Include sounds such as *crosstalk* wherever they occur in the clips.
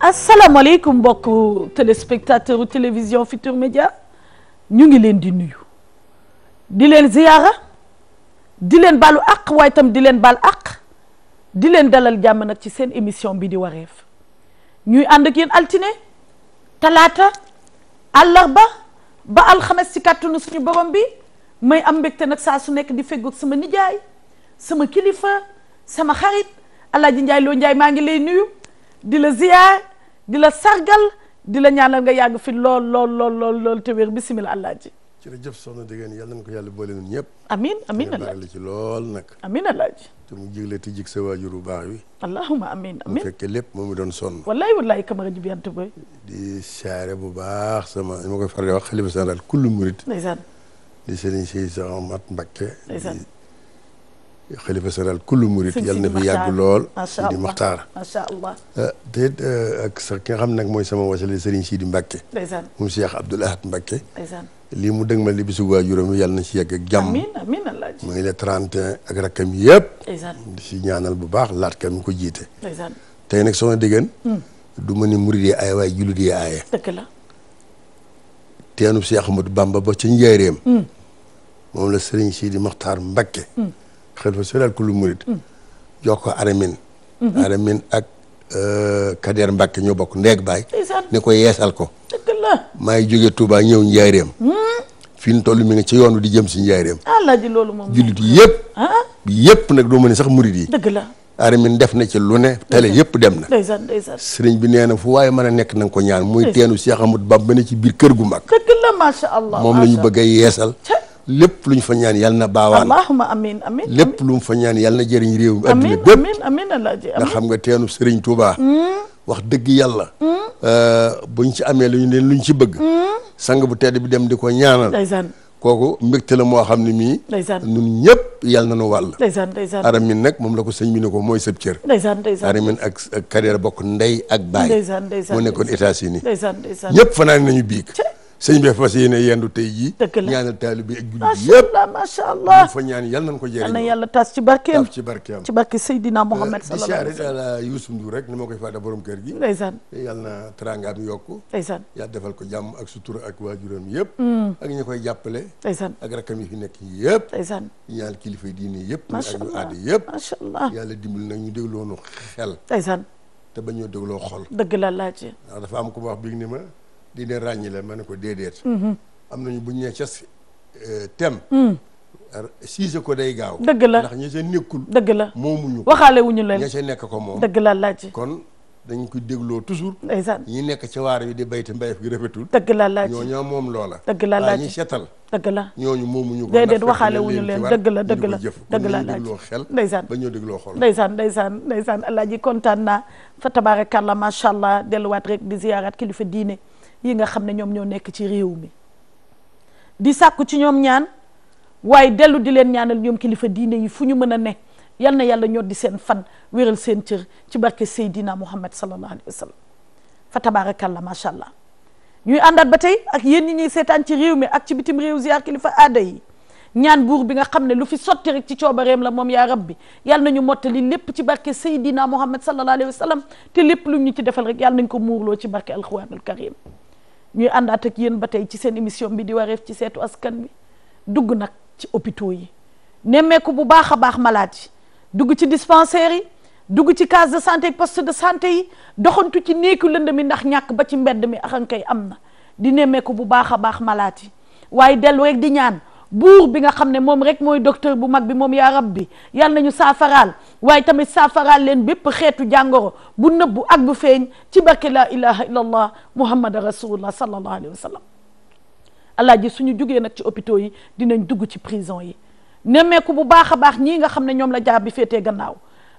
asalaamaaleykum mbokku téléspectateur télévision Futur Média ñu ngi leen di nuyu di leen ziyaara di leen baalu ak waaye itam di leen baal ak di leen dalal jàmm nag ci seen émission bi di wareef ñuy ànd ak yéen altine talaata àllarba ba alxames ci kàttanu suñu borom bi may am mbégte nag saa su nekk di feggoog sama nijaay sama kilifa sama xarit Alaaji Njaay Loo Njaay maa ngi lay nuyu. di la ziyaar di la sargal di la ñaanal nga yàgg fi lool lool lool lool lool te wér bisimilah alaaji. jërëjëf soxna Degene yàlla nañu ko yàlla boole ñun ñëpp. amiin amiin alaaji la ci lool nag. amiin alaaji. te mu jigle te jig sa waajur bu baax wi. allahumma amiin amiin mu fekkee lépp moom mi doon sonn. wallaay wallaay kamara ji biyante boy. di saare bu baax sama ma koy faral di wax xalifa général kullu murit. ndeysaan. di sëriñ Cheikh Ahmad Mbacké. ndeysaan. xalifa général kullu murit yàlla na fi yàgg lool Sidi Maxtaar macha allah ah, eh, xam nag mooy sama wasale Serigne Sidi Mbacke ndeysaan moom Cheikh Abdoul Ahad Mbacke lii mu dëgmal li bisu waajuram yàlla na si yàgg ak jàmm amiin mu ngi le 31 ak rakkam yëpp si ñaanal bu baax laat kam mi ko jiite ndeysaan tey nag hmm. du ma ni murit yi aay teenub Cheikh Ahmadou Bamba ba ca njaareem hmm. moom la Serigne Sidi Maxtaar Mbacke hmm. xalifa général ku lu murit jox ko aramin mhm. aramin ak euh, Kader Mbacke ñoo bokk ndeeg baay ni ko yeesal ko maa ngi jóge Touba ñëw njaareem hmm? fi ñu toll mi nga ci yoonu di jëm si njaareem alaaji jullit yëpp ah? yëpp nag doo mën ne sax murit yi dëgg def na ci lu ne tale yëpp dem na ndeysaan bi nee na fu waaye mën a nekk na ko ñaan muy teenu Cheikh Amadou Bamba ne ci biir kër gu mag dëgg la macha moom la ñu bëgg a yeesal lépp lu ñu fa ñaan yàlla na baawaan allahumma amiin amiin lépp lu mu fa ñaan yàlla na jëriñ réew mi adduna bépp amiin amiin alaaji xam nga teenu Serigne Touba hmm. wax dëgg yàlla hmm. euh, buñ ci amee lu ñu leen luñ ci bëgg hmm. sang bu tedd bi dem di ko ñaanal ndeysaan kooku mbégte la moo xam ne mii ndeysaan ñun ñëpp yàlla nu wàll ndeysaan ndeysaan aramin moom la ko sëñ bi ne ko mooy sëb cër ndeysaan ndeysaan ak carrière bokk ndey ak baay moo nekkoon États-Unis ndeysaan ndeysaan nañu biig sëñ bi fas yéene yendu tey jii ñaanal taalibe ak jullit yëpp macha allah ñaan yal nañ ko jeex na yàlla tas ci barkeem ci barkeem ci barke Seydina euh, Mohamed sallallahu alayhi wasallam di siyaare Youssou Ndour rek ni koy fàtte borom kër gi ndeysaan yal na teraangaam yokk ndeysaan yàlla defal ko jàmm ak sutura ak waajuram yëpp mm. ak ñu koy jàppale ndeysaan ak rakam yi fi nekk yëpp ndeysaan ñaan kilifa diine yëpp ak ñu aada yëpp macha allah yàlla dimbali nag ñu dégloonu xel ndeysaan te ba bañoo dégloo xol dëgg la laaj ndax dafa am ko wax biig ni ma di leen ràññile ma ne ko déedéet. Mhm. am nañu bu ñu nee cas euh, thème. siise ko da gaaw. dëgg la ndax ña ca nekkul. la moomuñu ko waxaale wuñu leen ña nekk ko moom. dëgg la laaj kon. dañ ko dégloo toujours ndeysaan ñi nekk ci waar yi di béyte mbéyef gi rafetul dëgg la laaj ñoo ñoo loola dëgg la laaj ñi setal dëgg la ñooñu moomuñu ko déedéet waxaale wuñu leen dëgg la dëgg la dëgg la laaj dégloo xel ndeysaan ba ñoo dégloo xol ndeysaan ndeysaan ndeysaan alaaji kontaan naa fa tabaarakalla macha allah delluwaat rek di ziyaaraat kilifa diine yi nga xam ne ñoom ñoo nekk ci réew mi di sàkku ci ñoom ñaan waaye dellu di leen ñaanal ñoom kilifa diine yi fu ñu mën a ne yal na yàlla ñoo di seen fan wéral seen cër ci barke Seydina Muhammad sallallahu alayhi wa sallam fa tabarakallah macha allah ñuy àndaat ba tey ak yéen ñi ñuy seetaan ci réew mi ak ci bitim kilifa aada ñaan buur bi nga xam ne lu fi sotti rek ci coobareem la moom yaa rabbi yal nañu mottali lépp ci barke Seydina Muhammad sallallahu alayhi wa sallam te lépp lu ñu ci defal rek yal nañ ko muurloo ci barke alquranul karim ñuy àndaat ak yéen ba tey ci seen émission bi di wareef ci seetu askan bi dugg nag ci hôpitaux yi nemmeeku bu baax a baax malade yi dugg ci dispensaires yi dugg ci case de santé poste santé yi doxantu ci néeku lënd mi ndax ñàkk ba ci mbedd mi axankay am na di nemmeeku bu baax a baax malade yi waaye dellu rek di ñaan buur bi nga xam ne moom rek mooy docteur bu mag bi moom yaa rabbi yal nañu saafaraal waaye tamit saafaraal leen bépp xeetu jàngoro bu nëbbu ak bu feeñ ci barke laa ilaha illallah muhammad rasulullah sallallahu alayhi wa sallam alaaji suñu jugee nag ci hôpitaux yi dinañ dugg ci prison yi nemmeeku bu baax a baax ñii nga xam ne ñoom la jaar bi féetee gannaaw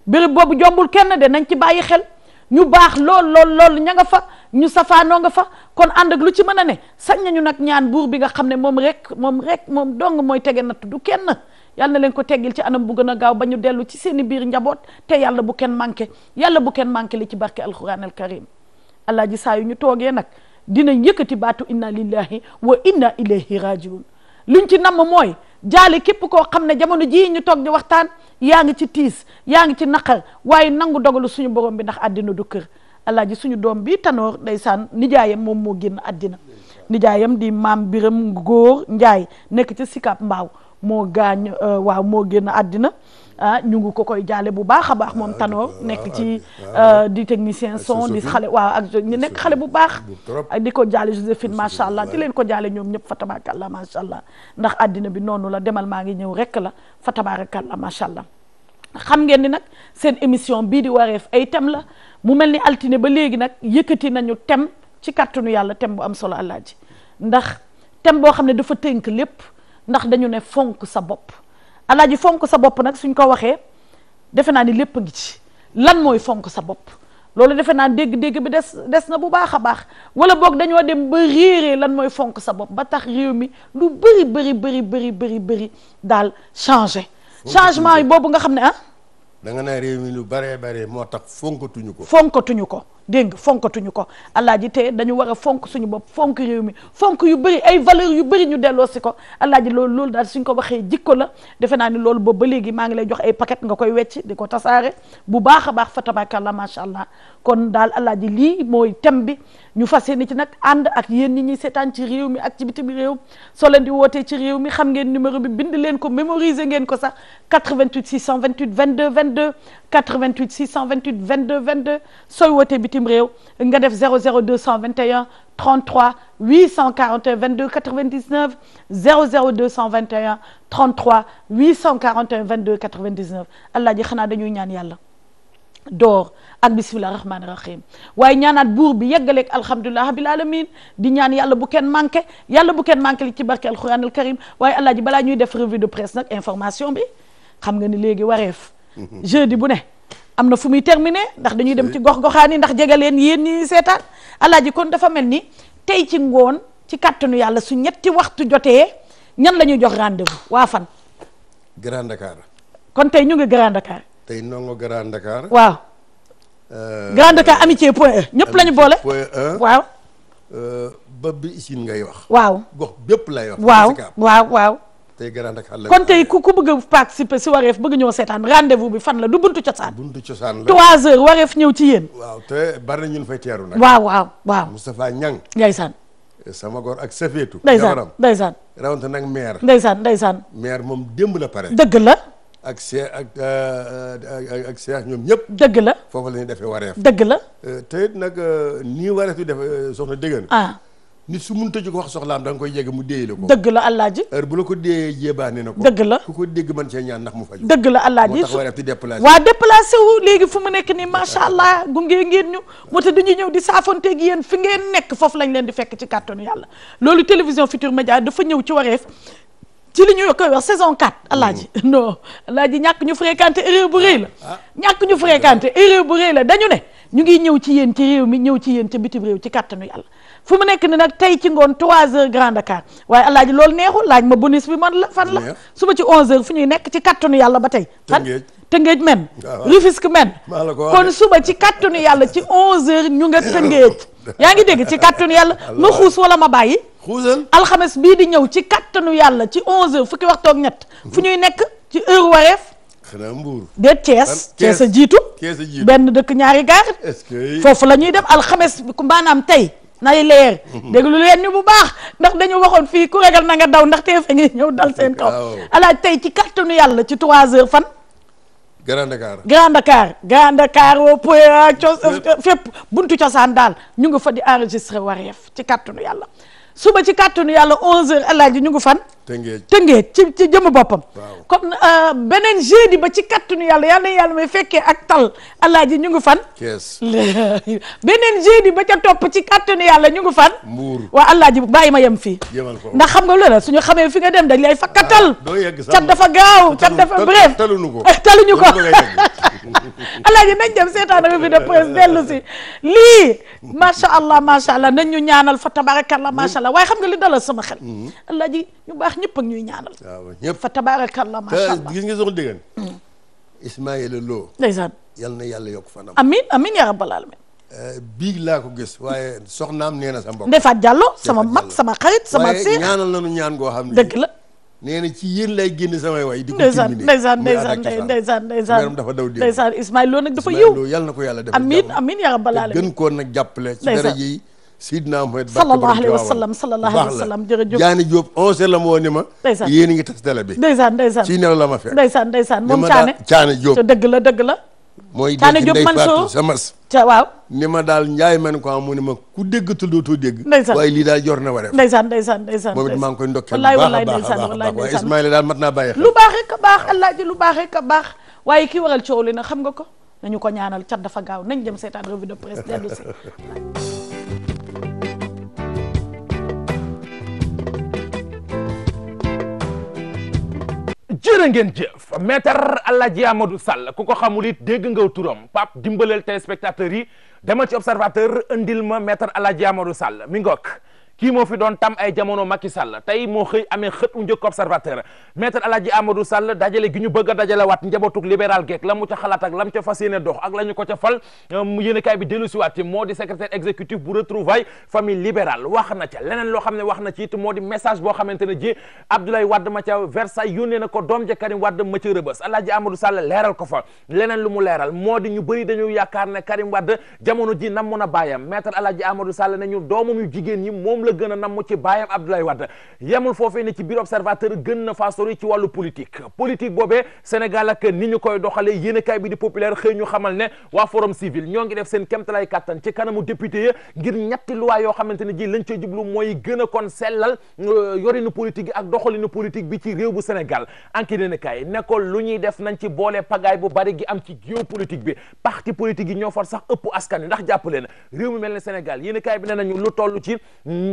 béréb boobu jombul kenn de nañ ci bàyyi xel ñu baax lool lool lool ña nga fa ñu safaanoo fa kon ànd ak lu ci mën a ne sañ nañu nag ñaan buur bi nga xam ne moom rek moom rek moom dong mooy tege natt du kenn yal na leen ko teggil ci anam bu gën a gaaw ba ñu dellu ci seeni biir njaboot te yàlla bu kenn manqué yàlla bu kenn manqué li ci barke alquran al karim alaaji saa yu ñu toogee nag dinañ yëkkati baatu inna lillahi wa inna ilayhi rajiun luñ ci namm mooy jaale képp koo xam ne jamono jii ñu toog di waxtaan yaa ngi ci tiis yaa ngi ci naqar waaye nangu dogalu suñu borom bi ndax àddina du kër alaaji suñu doom bi tanoor ndeysaan nijaayam moom moo génn addina nijaayam di maam biram góor njaay nekk ci sikap mbaaw moo gaañ euh, waaw moo génn àddina ah ñu ngi ko koy jaale bu baax a baax moom ah, Tanor nekk ah, ci di euh, ah, technicien son di xale waaw ak ñu nekk xale bu baax ak di ko jaale Joséphine macha allah di leen ko jaale ñoom ñëpp fa tabarakallah macha allah ndax àddina bi noonu la demal maa ngi ñëw rek la fa tabarakallah macha allah xam ngeen ni nag seen émission bii di wareef ay thème la mu mel ni altine ba léegi nag yëkkati nañu thème ci kàttanu yàlla thème bu am solo àllaaji ndax thème boo xam ne dafa tënk lépp ndax dañu ne fonk sa bopp ji fonk sa bopp nag suñ ko waxee defe naa ni lépp a ngi ci lan mooy fonk sa bopp loolu defe naa dégg-dégg bi des des na bu baax a baax wala boog dañoo dem ba réeree lan mooy fonk sa bopp ba tax réew mi lu bëri bëri bëri bëri bëri bëri daal changé changement yi boobu nga xam ne ah da nga ne réew mi lu bëree bëree moo tax fonkatuñu ko fonkatuñu ko dégg nga fonkatuñu ko alaaji te dañu war a fonk suñu bopp fonk réew mi fonk yu bëri ay valeur yu bëri ñu delloo si ko alaaji lool loolu daal suñ ko waxee jikko la defe naa ni loolu boobu ba léegi maa ngi lay jox ay paquet nga koy wecc di ko tasaare bu baax a baax fa tabarakallah macha allah kon daal alaaji lii mooy thème bi ñu fas yéene ci nag ànd ak yéen ñi ñuy setaan ci réew mi ak ci bitim réew soo leen di wootee ci réew mi xam ngeen numéro bi bind leen ko mémoriser ngeen ko sax 88 628 22 22 88 628 22 22 sooy wootee bitim réew nga def 00 221 33 841 22 99 00 221 33 841 22 99 allah ji xanaa dañuy ñaan yàlla door ak bisimilah rahmaani rahim waaye ñaanaat buur bi yeggaleeg alhamdulilah rabil alamin di ñaan yàlla bu kenn manqué yàlla bu kenn manqué li ci barke alquran al karim waaye allah ji balaa ñuy def revue de presse nag information bi xam nga ni léegi wareef. jeudi bu ne am na fu muy terminé ndax dañuy dem ci gox-goxaan yi ndax jege leen yéen ñi seetaan alaaji kon dafa mel ni tey ci ngoon ci kàttanu yàlla su ñetti waxtu jotee ñan la ñuy jox rendez waa fan. Grand kon tey ñu ngi Grand Dakar. tey nongo Grand Dakar. waaw. Euh, Grand Dakar amitié point 1 e. ñëpp la ñu boole. E. waaw. Euh, ngay wax. waaw bépp lay waaw waaw waaw. tey garaan ak xàll kon tey ku ku bëgg a participer si wareef bëgg ñoo seetaan rendez-vous bi fan la du buntu cosaan buntu cosaan la trois heures wareef ñëw ci yéen waaw te bari na ñun fay teeru nag waaw waaw waaw Moustapha Niang ndeysaan sama gor ak safeetu ndeysaan ndeysaan rawante nag maire ndeysaan ndeysaan maire moom démb la pare dëgg la ak Cheikh ak euh, euh, ak ñoom ñëpp. dëgg la foofu la ñuy defee wareef. dëgg la. Euh, te it nag nii wareef bi def soxna dëggan. ah nit su mënut a jóg wax soxlaam da nga koy yegg mu déye la ko. dëgg la alaaji. heure bu la ko déyee jéebaane na ko. dëgg la mu faju. dëgg la alaaji moo tax war waa déplacé léegi fu mu nekk nii macha allah gunge ngeen ñu moo tax dañuy ñëw di saafonteeg yéen fi ngeen nekk foofu lañ leen di fekk ci kàttanu yàlla loolu télévision Futurs Médias dafa ñëw ci wareef. ci li ñu koy wax saison 4 alaaji mm. non alaaji ñàkk ñu fréquenté erreur bu rëy la ah. ñàkk ñu fréquenté erreur bu rëy la dañu ñu ngi ñëw ci yéen ci mi ñëw ci yéen ca bitim réew ci kàttanu yàlla fu mu nekk ni nag tey ci ngoon 3 heures Grand Dakar waaye laaj loolu neexul laaj ma bonus bi man la fan la suba ci 11 heures fu ñuy nekk ci kattanu yàlla ba tey fan tëngéej men ah, Rufisque men kon suba ci kattanu yàlla ci 11 heures ñu nga tëngéej *laughs* yaa ngi dégg ci kattanu yàlla ma *laughs* xuus wala ma bàyyi xuusal alxames bii di ñëw ci kattanu yàlla ci 11 heures fukki waxtoog ñett fu ñuy nekk ci heure wareef xanaa mbuur de Thiès Thiès jiitu benn dëkk ñaari gaar foofu la ñuy dem alxames maanaam tey nay leer déglu leen ñu bu baax ndax dañu waxoon fii ku ragal na nga daw ndax te ngi ñëw dal seen kaw alaaj tey ci kàttanu yàlla ci trois heures fan Grand Dakar Grand Dakar Grand Dakar woo cos fépp buntu cosaan daal ñu ngi fa di enregistré wareef ci kàttanu yàlla suba ci kàttanu yàlla 11h alaaji ñu ngi fan. tëngéej tëngéej ci ci jëmu boppam. comme euh, beneen jeudi ba ci kàttanu yàlla yàlla may fekkee ak tal alaaji ñu ngi fan. kees *laughs* beneen jeudi ba ca topp ci kàttanu yàlla ñu ngi fan. mbuur waa alaaji bàyyi ma yem fii. ndax xam nga lu la suñu xamee fi nga dem dañ lay fakkatal. Ah, doo yegg cat dafa gaaw cat dafa bref taluñu ko *laughs* taluñu ko. alaaji nañ dem seetaan revue de presse dellu si lii macha allah macha allah nañ ñu ñaanal fa tabarakallah macha allah waaye xam nga li dalal sama xel mm-hmm. alaaji ñu baax ñëpp ak ñuy ñaanal waaw ñëpp fa tabarakallah macha allah gis nga soxna déggan mm. Ismaïla Lo ndeysaan yal na yàlla yokk fanam amin amin ya rabbal alamin eh, bii laa ko gis waaye soxnaam nee na sa mbokk Ndefat Diallo sama mag sama xarit sama seex ñaanal nañu ñaan goo xam ne dëgg la nee na ci yéen lay génne samay waay di ko terminé ndeysaan ndeysaan ndeysaan ndeysaan dafa daw dé ndeysaan Ismaïl Lo nag dafa yiw yàlla ko yàlla def amiin amiin yaa rabbal alamin gën koo nag jàppale ci dara yi Sidna Muhammad sallallahu alayhi wa sallam sallallahu alayhi wa la moo ni ma ndeysaan ngi tas télé bi ndeysaan ndeysaan ci new la ma fekk ndeysaan ndeysaan moom Caane Caane Diop dëgg la dëgg la mooy dégg Ndeye Fatou sa mas waaw ni ma daal njaay man ko am ne ma ku déggatul dootoo dégg ndeysaan waaye lii daal jor na wa def ndeysaan ndeysaan ndeysaan moom it maa ngi koy ndokkee wallaay wallaay ndeysaan wallaay waaye Ismaïla daal mat naa bàyyi xel lu baax rek baax allah ji lu baax rek a baax waaye ki waral coow li nag xam nga ko nañu ko ñaanal cat dafa gaaw nañ jëm seetaan revue de presse dellu si jërë ngeen jëf maître Alaaji Amadou Sall ku ko xamul it dégg nga turam Pape dimbaleel téléspectateurs yi demal ci observateur indil ma maître Alaaji Amadou Sall mi ngook kii moo fi doon tam ay jamono Macky Sall tey moo xëy amee xët u njëkk observateur maître El Hadji Amadou Sall dajale gi ñu bëgg dajale waat njabootug libéral geek la mu ca xalaat ak la mu ca fas yéene dox ak la ñu ko ca fal euh, mu yéene kaay bi dellu si waat ci moo di secrétaire exécutif bu retrouvaille famille libérale wax na ca leneen loo xam ne wax na ci it moo di message boo xamante ne ji Abdoulaye Wade ma ca Versailles yónnee na ko doom ja Karim Wade ma ca Rëbës El Hadji ji a bàyyam Amadou Sall ne la gën a namm ci baayam Abdoulaye Wade yemul foofee ne ci biir observateur gën na faa sori ci wàllu politique politique boobee Sénégal ak ni ñu koy doxalee yéenekaay bi di populaire xëy ñu xamal ne waa forum civil ñoo ngi def seen kéemtalaay kàttan ci kanamu député ya ngir ñetti loi yoo xamante ne ji lañ ca jublu mooy gën kon sellal euh, yorinu politique yi ak doxalinu politique bi ci réew bu Sénégal anki yéenekaay ne lu ñuy def nañ ci boole pagaay bu bi parti politique yi ñoo far sax ëpp askan wi ndax jàpp leen réew mi mel ne Sénégal yéenekaay bi ne nañu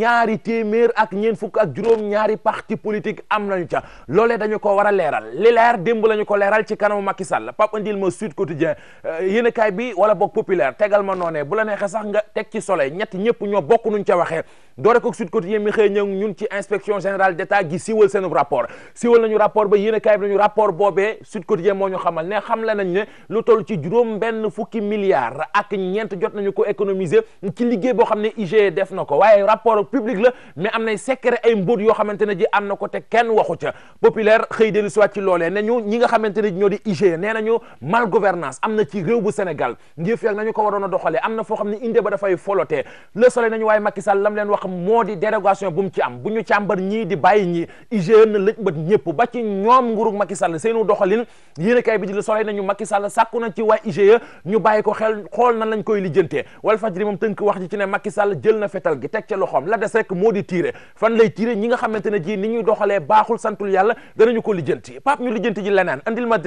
ñaari téeméer ak ñeen fukk ak juróom ñaari parti politique am nañu ca loolee dañu ko war a leeral li leer démb lañu ko leeral ci kanamu Macky Sall Pape Ndil ma Sud Quotidien euh, yéen kaay bi wala boog populaire tegal ma noonee bu la neexee sax nga teg ci soleil ñett ñëpp ñoo bokk nuñ ca waxee doore ko Sud Quotidien mi xëy ñëw ñun ci inspection générale d'État gi siiwal seen rapport siiwal nañu rapport ba yéen a bi nañu rapport boobee Sud Quotidien moo ñu xamal ne xam la nañ ne lu toll ci juróom benn fukki milliards ak ñeent jot nañu ko économiser ci liggéey boo xam ne IGE def na ko waaye rapport public la mais am na secret ay mbóot yoo xamante ne ji am na ko te kenn waxu ca populaire xëy dellu si waat ci loolee ne ñu ñi nga xamante ne ñoo di IGE nee nañu mal gouvernance am na ci réew bu Sénégal ngëf yàgg nañu ko waroon a doxalee am na foo xam ne inde ba dafay leen wax moo di dérogation bu mu ci am bu ñu càmbar ñii di bàyyi ñii IGE na lëj bët ba ci ñoom nguurug Macky Sall seenu doxalin yéen a kay bi di Le Soleil nañu Macky sàkku na ci waa IGE ñu bàyyi ko xel xool nan lañ koy lijjantee Walf Fadjri moom tënk wax ji ci ne Macky jël na fetal gi teg ca loxoom la des rek moo di tiire fan lay tiire ñi nga xamante ne ji ni ñuy doxalee baaxul santul yàlla danañu ko lijjanti Pape ñu lijjanti ji leneen andil ma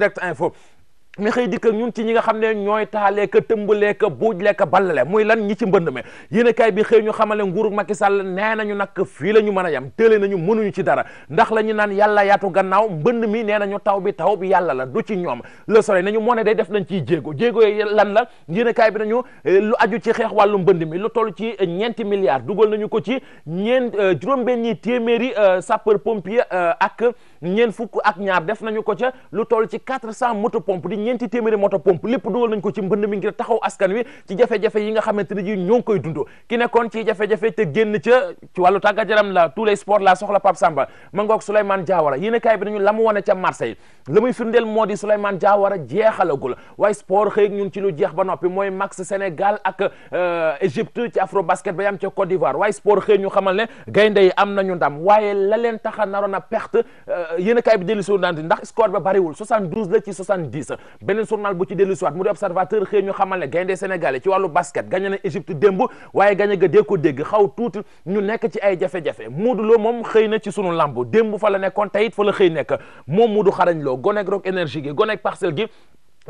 mi xëy dikk ak ñun ci ñi nga xam ne ñooy taale ka tëmbalee ka buujlee ka ballale muy lan ñi ci mbënd mi yéen bi xëy ñu xamale nguuru Macky Sall nee nañu nag fii la ñu mën a yem tële nañu mënuñu ci dara ndax la ñu naan yàlla yaatu gannaaw mbënd mi nee nañu taw bi taw bi yàlla la du ci ñoom le soleil nañu moo ne day def nañ ci jéego jéego yi lan la yéen kaay bi nañu eh, lu aju ci xeex wàllu mbënd mi lu toll ci eh, ñeenti milliards dugal nañu ko ci ñeent eh, juróom-benni téeméeri sapeur pompier ak ñeent fukk ak ñaar def nañu ko ca lu toll ci quatre cent moto pompe di ñeenti téeméeri moto pompe lépp dugal nañ ko ci mbënd mi ngir taxaw askan wi ci jafe-jafe yi nga xamante ne ji ñoo ngi koy dund ki nekkoon ci jafe-jafe te génn ca ci wàllu tàggat yaram la tous les sports la soxla Pape Samba ma ngoog Souleymane Diawara yéen a kaay bi nañu la mu wane ca Marseille la muy firndeel moo di Souleymane Diawara jeexalagul waaye sport xëy ñun ci lu jeex ba noppi mooy max Sénégal ak euh, Égypte ci Afrobasket ba yam ca Côte d'Ivoire waaye sport xëy ñu xamal ne gaynde yi am nañu ndam waaye la leen taxa naroon a perte euh, yéen kaay bi dellu si naan ndax score ba bariwul 72 la ci 70 beneen journal bu ci dellu si waat mu di observateur xëy ñu xamal ne gaynde sénégalais ci wàllu basket gagné na Égypte démb waaye gagné ga dee ko dégg xaw tuuti ñu nekk ci ay jafe-jafe Modou Lo moom xëy na ci sunu lamb demb fa la nekkoon tey it fa la xëy nekk moom mu Modou xarañ loo gonek Rock énergie gi gonek parcelle gi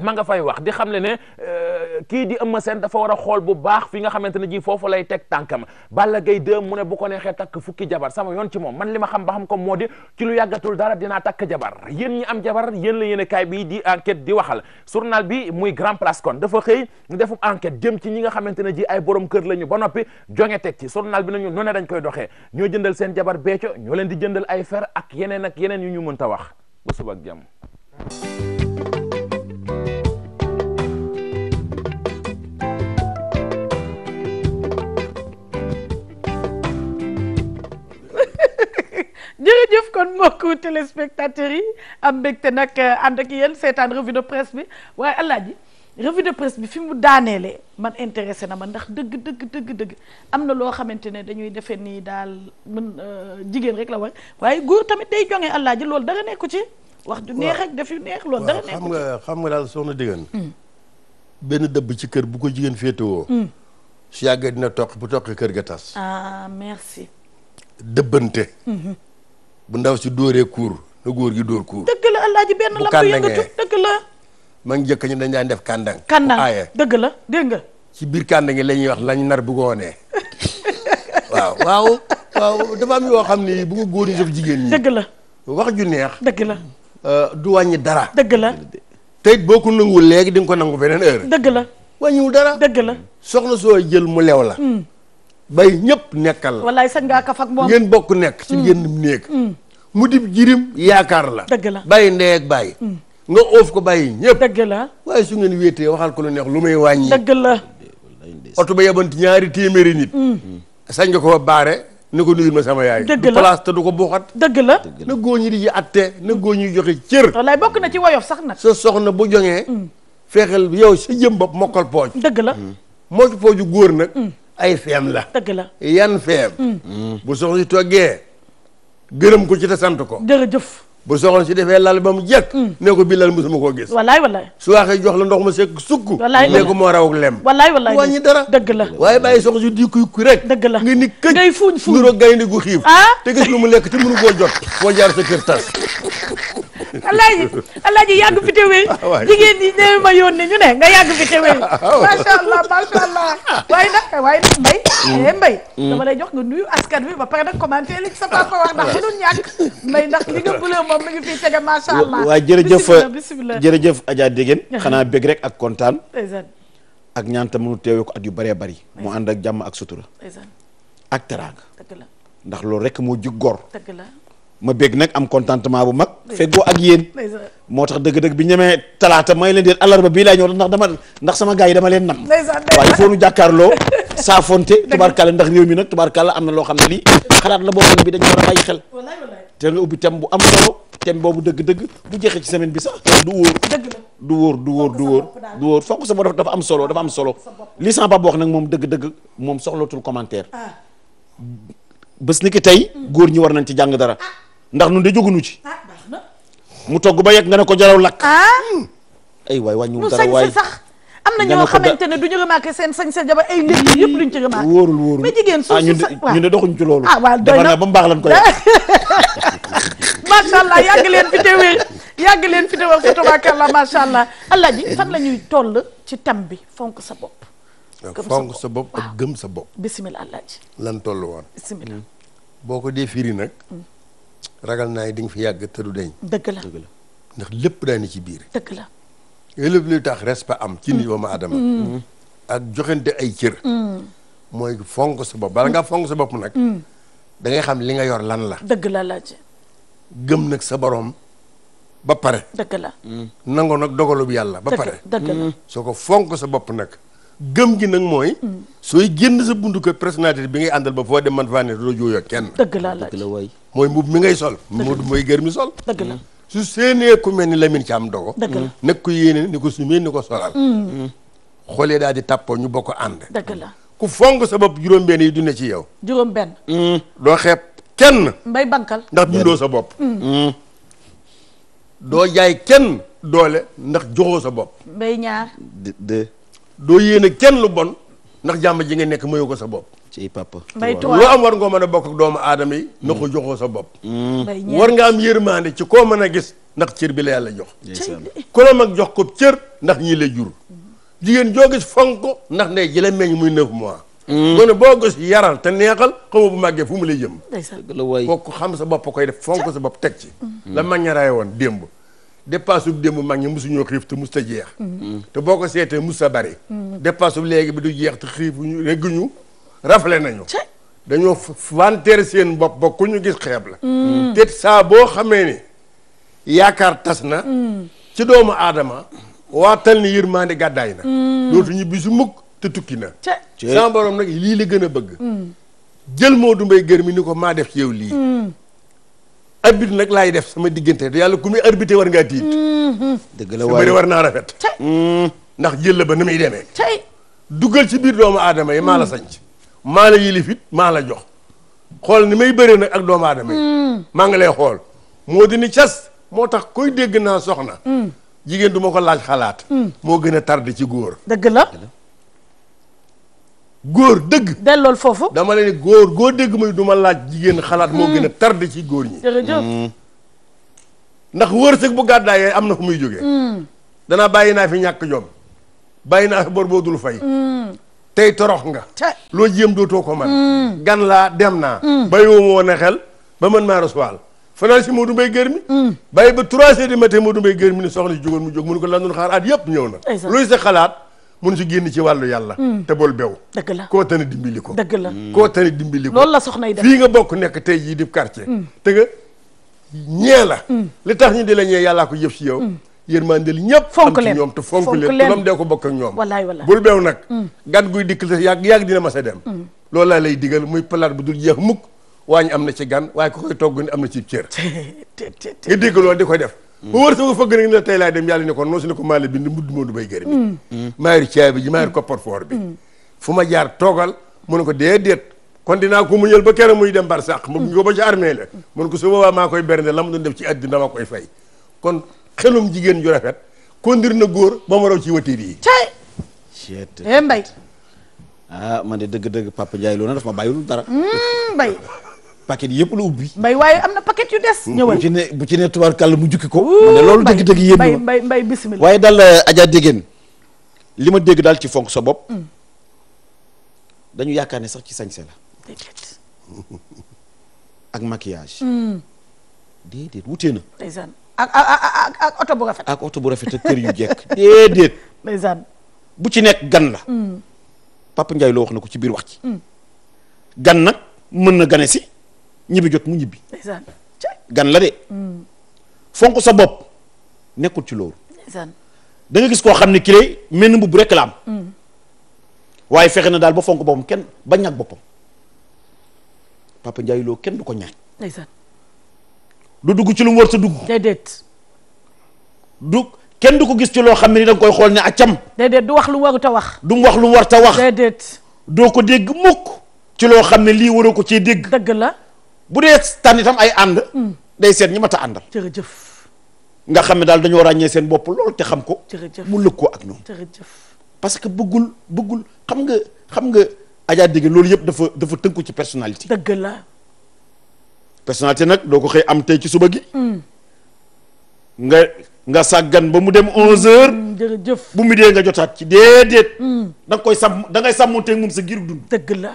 ma nga fay wax di xam ne ne euh, kii di Eumeu seen dafa war a xool bu baax fi nga xamante ne ji foofu lay teg tànkam Balla gay 2 mu ne bu ko neexee takk fukki jabar sama yoon ci moom man li ma xam ba xam ko moo di ci lu yàggatul dara dinaa takk jabar yéen ñi am jabar yéen la yenekaay bii di enquête di waxal journal bi muy grand place kon dafa xëy defu enquête jëm ci ñi nga xamante ne ji ay borom kër la ñu ba noppi jonge teg ci journal bi nañu noonu dañ koy doxee ñoo jëndal seen jabar beeco ñoo leen di jëndal ay fer ak yeneen yeneen yu ñu mënta wax ba ak jàmm jërëjëf kon mbokku téléspectateurs yi am mbégte nag euh, ànd ak yenn seetaan revue de presse bi waaye Alaaji revue de presse bi fi mu daaneele man intéressé na man ndax dëgg dëgg dëgg dëgg am na loo xamante ne dañuy defee nii daal mën euh, jigéen rek la war waaye góor tamit day joŋee Alaaji loolu dara nekku ci wax ju neex ak def yu neex loolu dara nekku ci xam nga xam nga daal soxna Digane hmm. benn dëbb ci kër bu ko jigéen féetewoo hmm. su yàggee dina toq bu toqee kër ga tas ah merci dëbbante hmm, bu ndaw si dóoree kuur na góor gi dóor kuur. dëgg la alaaji benn dëgg la. ma ngi ñu dañ daan def kàndang kàndang dëgg la dégg nga. ci biir kàndang yi la ñuy wax lañ nar bu goonee *laughs* waaw waaw waaw yoo xam ni bu góor ñu def jigéen ñi. dëgg la wax ju neex. dëgg la euh, du wàññi dara. dëgg la te it boo ko nanguwul léegi di nga ko nangu beneen heure. dëgg la wàññiwul dara. dëgg la soxna soo jël mu lew la. Hmm. bay ñëpp nekkal la. wallaay sañ ngaa kaf ak moom ngeen bokk nekk. ci mm. génn néeg. Mm. mu dib jirim yaakaar la. dëgg la bàyyi ndey ak bàyyi. Mm. nga oof ko bàyyi ñëpp. dëgg la waaye su ngeen wéetee waxal ko lu neex lu may wàññi. dëgg la. oto ba yebanti ñaari téeméeri nit. sañ nga ko ba baare. ne ko nuyul ma sama yaay. dëgg la du te du ko buuxat. dëgg la na góor ñi di ji atte na góor ñi joxe cër. wallaay bokk na ci woyof sax nag. sa soxna bu joŋee. feexeel yow sa jëm bopp mokkal pooj. dëgg ay feem la. dëgg la yan feem. Mm. bu soxna si toggee gërëm ko ci te sant ko. jërëjëf. bu soxla si defee lal ba mu jekk mm. ne ko bii lal mosuma koo gis wallaay wallaay su waxee jox la ndox ma sekk sukk ne ko moo raw ak lem wallaay wallaay wàññi dëgg la waaye bàyyi soxla si di kuy ku rek dëgg la nga ni këj ngay fuuñ fuuñ nuroo gaynde gu xiif ah? te gis lu mu lekk te mënu koo jot foo jaar sa kër tas alaaji alaaji yàgg fi tewee ah, jigéen ñi ne ma yónni ñu ne nga yàgg fi tewee ah, macha allah macha allah waaye mm. eh, mm. jox nga nuyu askan ba pare nag commenté li ndax mënul ñàkk ndax li nga bëlëm moom mi ngi jërëjëf jërëjëf Adja Dégène xanaa bég rek ak kontaan. ak ñaan tam mënu teewee ko at yu bëree bari mu ànd jàmm ak sutura. ak teraanga. ndax loolu rek moo jug góor. ma bég nag am contentement bu mag. feggoo ak yéen. moo tax dëgg-dëgg bi ñemee talaata may leen di àllarba bii laay ñëw ndax dama ndax sama gaa yi dama leen nam. waaw il faut nu jàkkaarloo. saafonte tubaarkalla ndax réew mi nag tubaarkalla am na loo xam ne lii xalaat la boo xam ne bi dañu war te nga ubbi thème bu am solo thème boobu dëgg-dëgg bu jeexee ci semaine bi sax du wóor du wóor du wóor du wóor du wóor fonk sa dafa am solo dafa am solo li sama papa wax nag moom dëgg-dëgg moom soxlatul commentaire ah. bés ni ki tey góor ñi war nañ ci jàng dara ah. ndax nu de jógunu ci ah, mu togg ba yegg nga ne ko jaraw lakk hmm. ay waay wàññiwul dara waay am na ñoo xamante ne du ñu remarqué seen sañ sa jabar ay léegi yëpp duñ ci remarqué wóorul wóorul mais jigéen suuf si ñun de doxuñ ci loolu ah waaw doy ba mu baax lañ koy *laughs* *laughs* macha allah yàgg leen fi teewee yàgg leen fi teewal fa tabaakallah macha allah allah ji fan la toll ci tam bi fonk sa bopp. sa bopp ak gëm sa bopp. bisimilah allah ji. lan toll woon. Hmm. boo ko dee firi nag. Hmm. ragal naa yi di fi yàgg te du dëgg la dëgg la ndax lépp daani ci biir. dëgg lépp luy tax respect am. ci hmm. ni doomu ak joxante ay cër. mooy fonk sa bopp bala ngaa fonk sa bopp nag. da ngay xam li nga yor lan la. dëgg la laaj. gëm nag sa borom ba pare. dëgg la. Mm. nangoo nag dogalub yàlla ba pare. dëgg la mm. soo ko fonk sa bopp nag. gëm gi nag mooy. Mm. sooy génn sa buntu ko personnalité bi ngay àndal ba foo dem man faa ne doo jooyoo kenn. dëgg la laaj mooy mbub mi ngay sol. dëgg mooy gër mi sol. dëgg la. su seenee ku mel ni Lamine Thiam dogo. dëgg la nag ku yéene ni ko sumee ni ko solal. xoolee daal di tàppoo ñu bokk ànd. dëgg la. ku fonk sa bopp juróom-benn yi dund ci yow. juróom-benn. Hmm, doo xeeb kenn. mbay bankal ndax bindoo sa bopp. Hmm. Hmm. doo jaay kenn doole ndax joxoo sa bopp. mbay ñaar. de doo yéene kenn lu bon ndax jàmm ji nga nekk mayoo ko sa bopp. ci papa. mbay loo am war ngoo mën a bokk doomu aadama yi. na ko joxoo sa bopp. war nga am yërmande ci koo mën a gis ndax cër bi la yàlla jox. ku la mag jox ko cër ndax ñii la jur. jigéen joo gis fonk ndax ndey jële meññ muy neuf mois gone hmm. boo gis yaral te neexal xamoo bu màggee fu mu lay jëm kooku xam sa bopp koy def fonk sa bopp teg ci hmm. la mag woon démb dépasse bu démb mag ñi mosuñoo xiif te mus ta jeex hmm. te boo ko seetee mus sa bari dépasse bu léegi bi du jeex te xiifuñu regguñu rafle nañu dañoo vanteer seen bopp ba ku ñu gis xeeb la te saa boo xamee ni yaakaar tas na ci doomu aadama waa waatal ni yërmande gàddaay na mm. dootu ñibbi su mukk te tukki na sama borom nag lii la gën a bëgg mm. jël Modou Mbaye gër mi ni ko maa def ci yow lii mm. arbitre nag laay def sama diggante yàlla ku muy arbitre war ngaa tiit mm-hmm. dëgg la war naa rafet ndax jël la ba na muy demee duggal ci biir doomu aadama yi maa la sanc maa la yilifit maa la jox xool ni may bëree nag ak doomu aadama yi maa ngi lay xool moo di ni cas moo tax koy dégg naa soxna jigéen du ma ko laaj xalaat. Hmm. moo gën a tardé ci góor. dëgg la. góor dëgg. dellool foofu. dama ne góor góor dëgg mooy du ma laaj jigéen xalaat. moo hmm. gën a tardé ci góor ñi. jërëjëf. Hmm. ndax wërsëg bu gàddaayee am na fu muy jógee. danaa bàyyi naa fi ñàkk jom bàyyi naa fi bor dul fay. tey torox nga. loo jéem dootoo ko man gan laa dem naa. bàyyi woo ma woon xel ba mën maa rasuwaal. fanaan si Modou Mbaye gër mm. bàyyi ba trois heures du matin Modou Mbaye gër mi ni soxna si jógoon mu jóg mu ne ko lan doon xaar at ñëw na luy sa xalaat mun si génn ci wàllu yàlla mm. te bool bew dëgg la koo tane ko dëgg la koo tane dimbali ko loolu la soxna yi def fii nga bokk nekk tey jii di quartier mm. te nga ñee la li tax ñu di la ñee yàllaa ko yëf si yow yërmande li ñëpp fonk leen ñoom te fonk leen te loom dee ko bokk ñoom wallaay wallaay bul beew nag gan guy dikk la yàgg yàgg dina ma a dem loolu laa lay digal muy palaat bu dul jeex mukk waañ am na ci gan waaye ko koy togg ni am na ci cër *laughs* nga dégg loolu di koy def bu wër sa ko fëgg nag ne tey laay dem yàlla ne ko noonu su ne ko maa bi bind mudd moo du bay gër bi mm. mm. maari caabi ji maari mm. kopporfoor bi fu ma jaar toogal mu ne ko déedéet kon dinaa ko mu muñal ba kere muy dem bar sàq mu ngi ko ba ci ko su boobaa maa koy bernde la mu doon def ci àddina maa koy fay kon xelum jigéen ju rafet kondir na góor ba mu raw ci watiir yi eh, mbay ah man de dëgg-dëgg Papa Ndiaye loolu na daf ma dara mbay *laughs* paquet yëpp la ubbi. mbay waaye am na paquet yu des. Mm-hmm. ñëwal bu ci ne bu ci ne tubaarkàlla mu ko. loolu dëgg-dëgg yéen mbay mbay mbay bisimilah. waaye daal euh, Adja li ma dégg daal ci fonk sa bopp. Mm. dañu yaakaar ne sax ci sañse la. *laughs* ak maquillage. Mm. déedéet wutee bu rafet. ak oto bu rafet ak kër *laughs* bu ci nekk gan la. Mm. Papa Ndiaye loo wax na ko ci biir wax ci. gan nag mën na gane ñibbi jot mu ñibbi. gan la de. fonk sa bopp nekkul ci loolu. da gis koo xam ne kii mel ni mbubb rek la am. Mm. waaye fexe na daal ba fonk boppam kenn ba ñàkk boppam papa Ndiaye loo kenn du ko ñaaj. du dugg ci lu war sa dugg. déedéet. du kenn du ko gis ci loo xam ne ni da nga koy xool ne accam. déedéet du wax lu warut a wax. du wax lu warut a wax. doo ko dégg mukk ci loo xam ne lii waroo ko cee dégg. dëgg la. bu dee tànn itam ay ànd. Mm. day seet ñi mat a àndal. jërëjëf. nga xam ne daal dañoo ràññee seen bopp lool te xam ko. mu lëg lëkkoo ak ñoom. parce que bëggul bëggul xam nga xam nga. Adja dégg loolu yëpp dafa dafa tënku ci personnalité. dëgg la. personnalité nag doo ko xëy am tey ci suba gi. Mm. nga nga sàggan ba mu dem 11h. Mm, jërëjëf bu mu dee nga jotaat ci déedéet. da nga koy sàmm da ngay sàmmanteeg moom sa giir dund. dëgg la.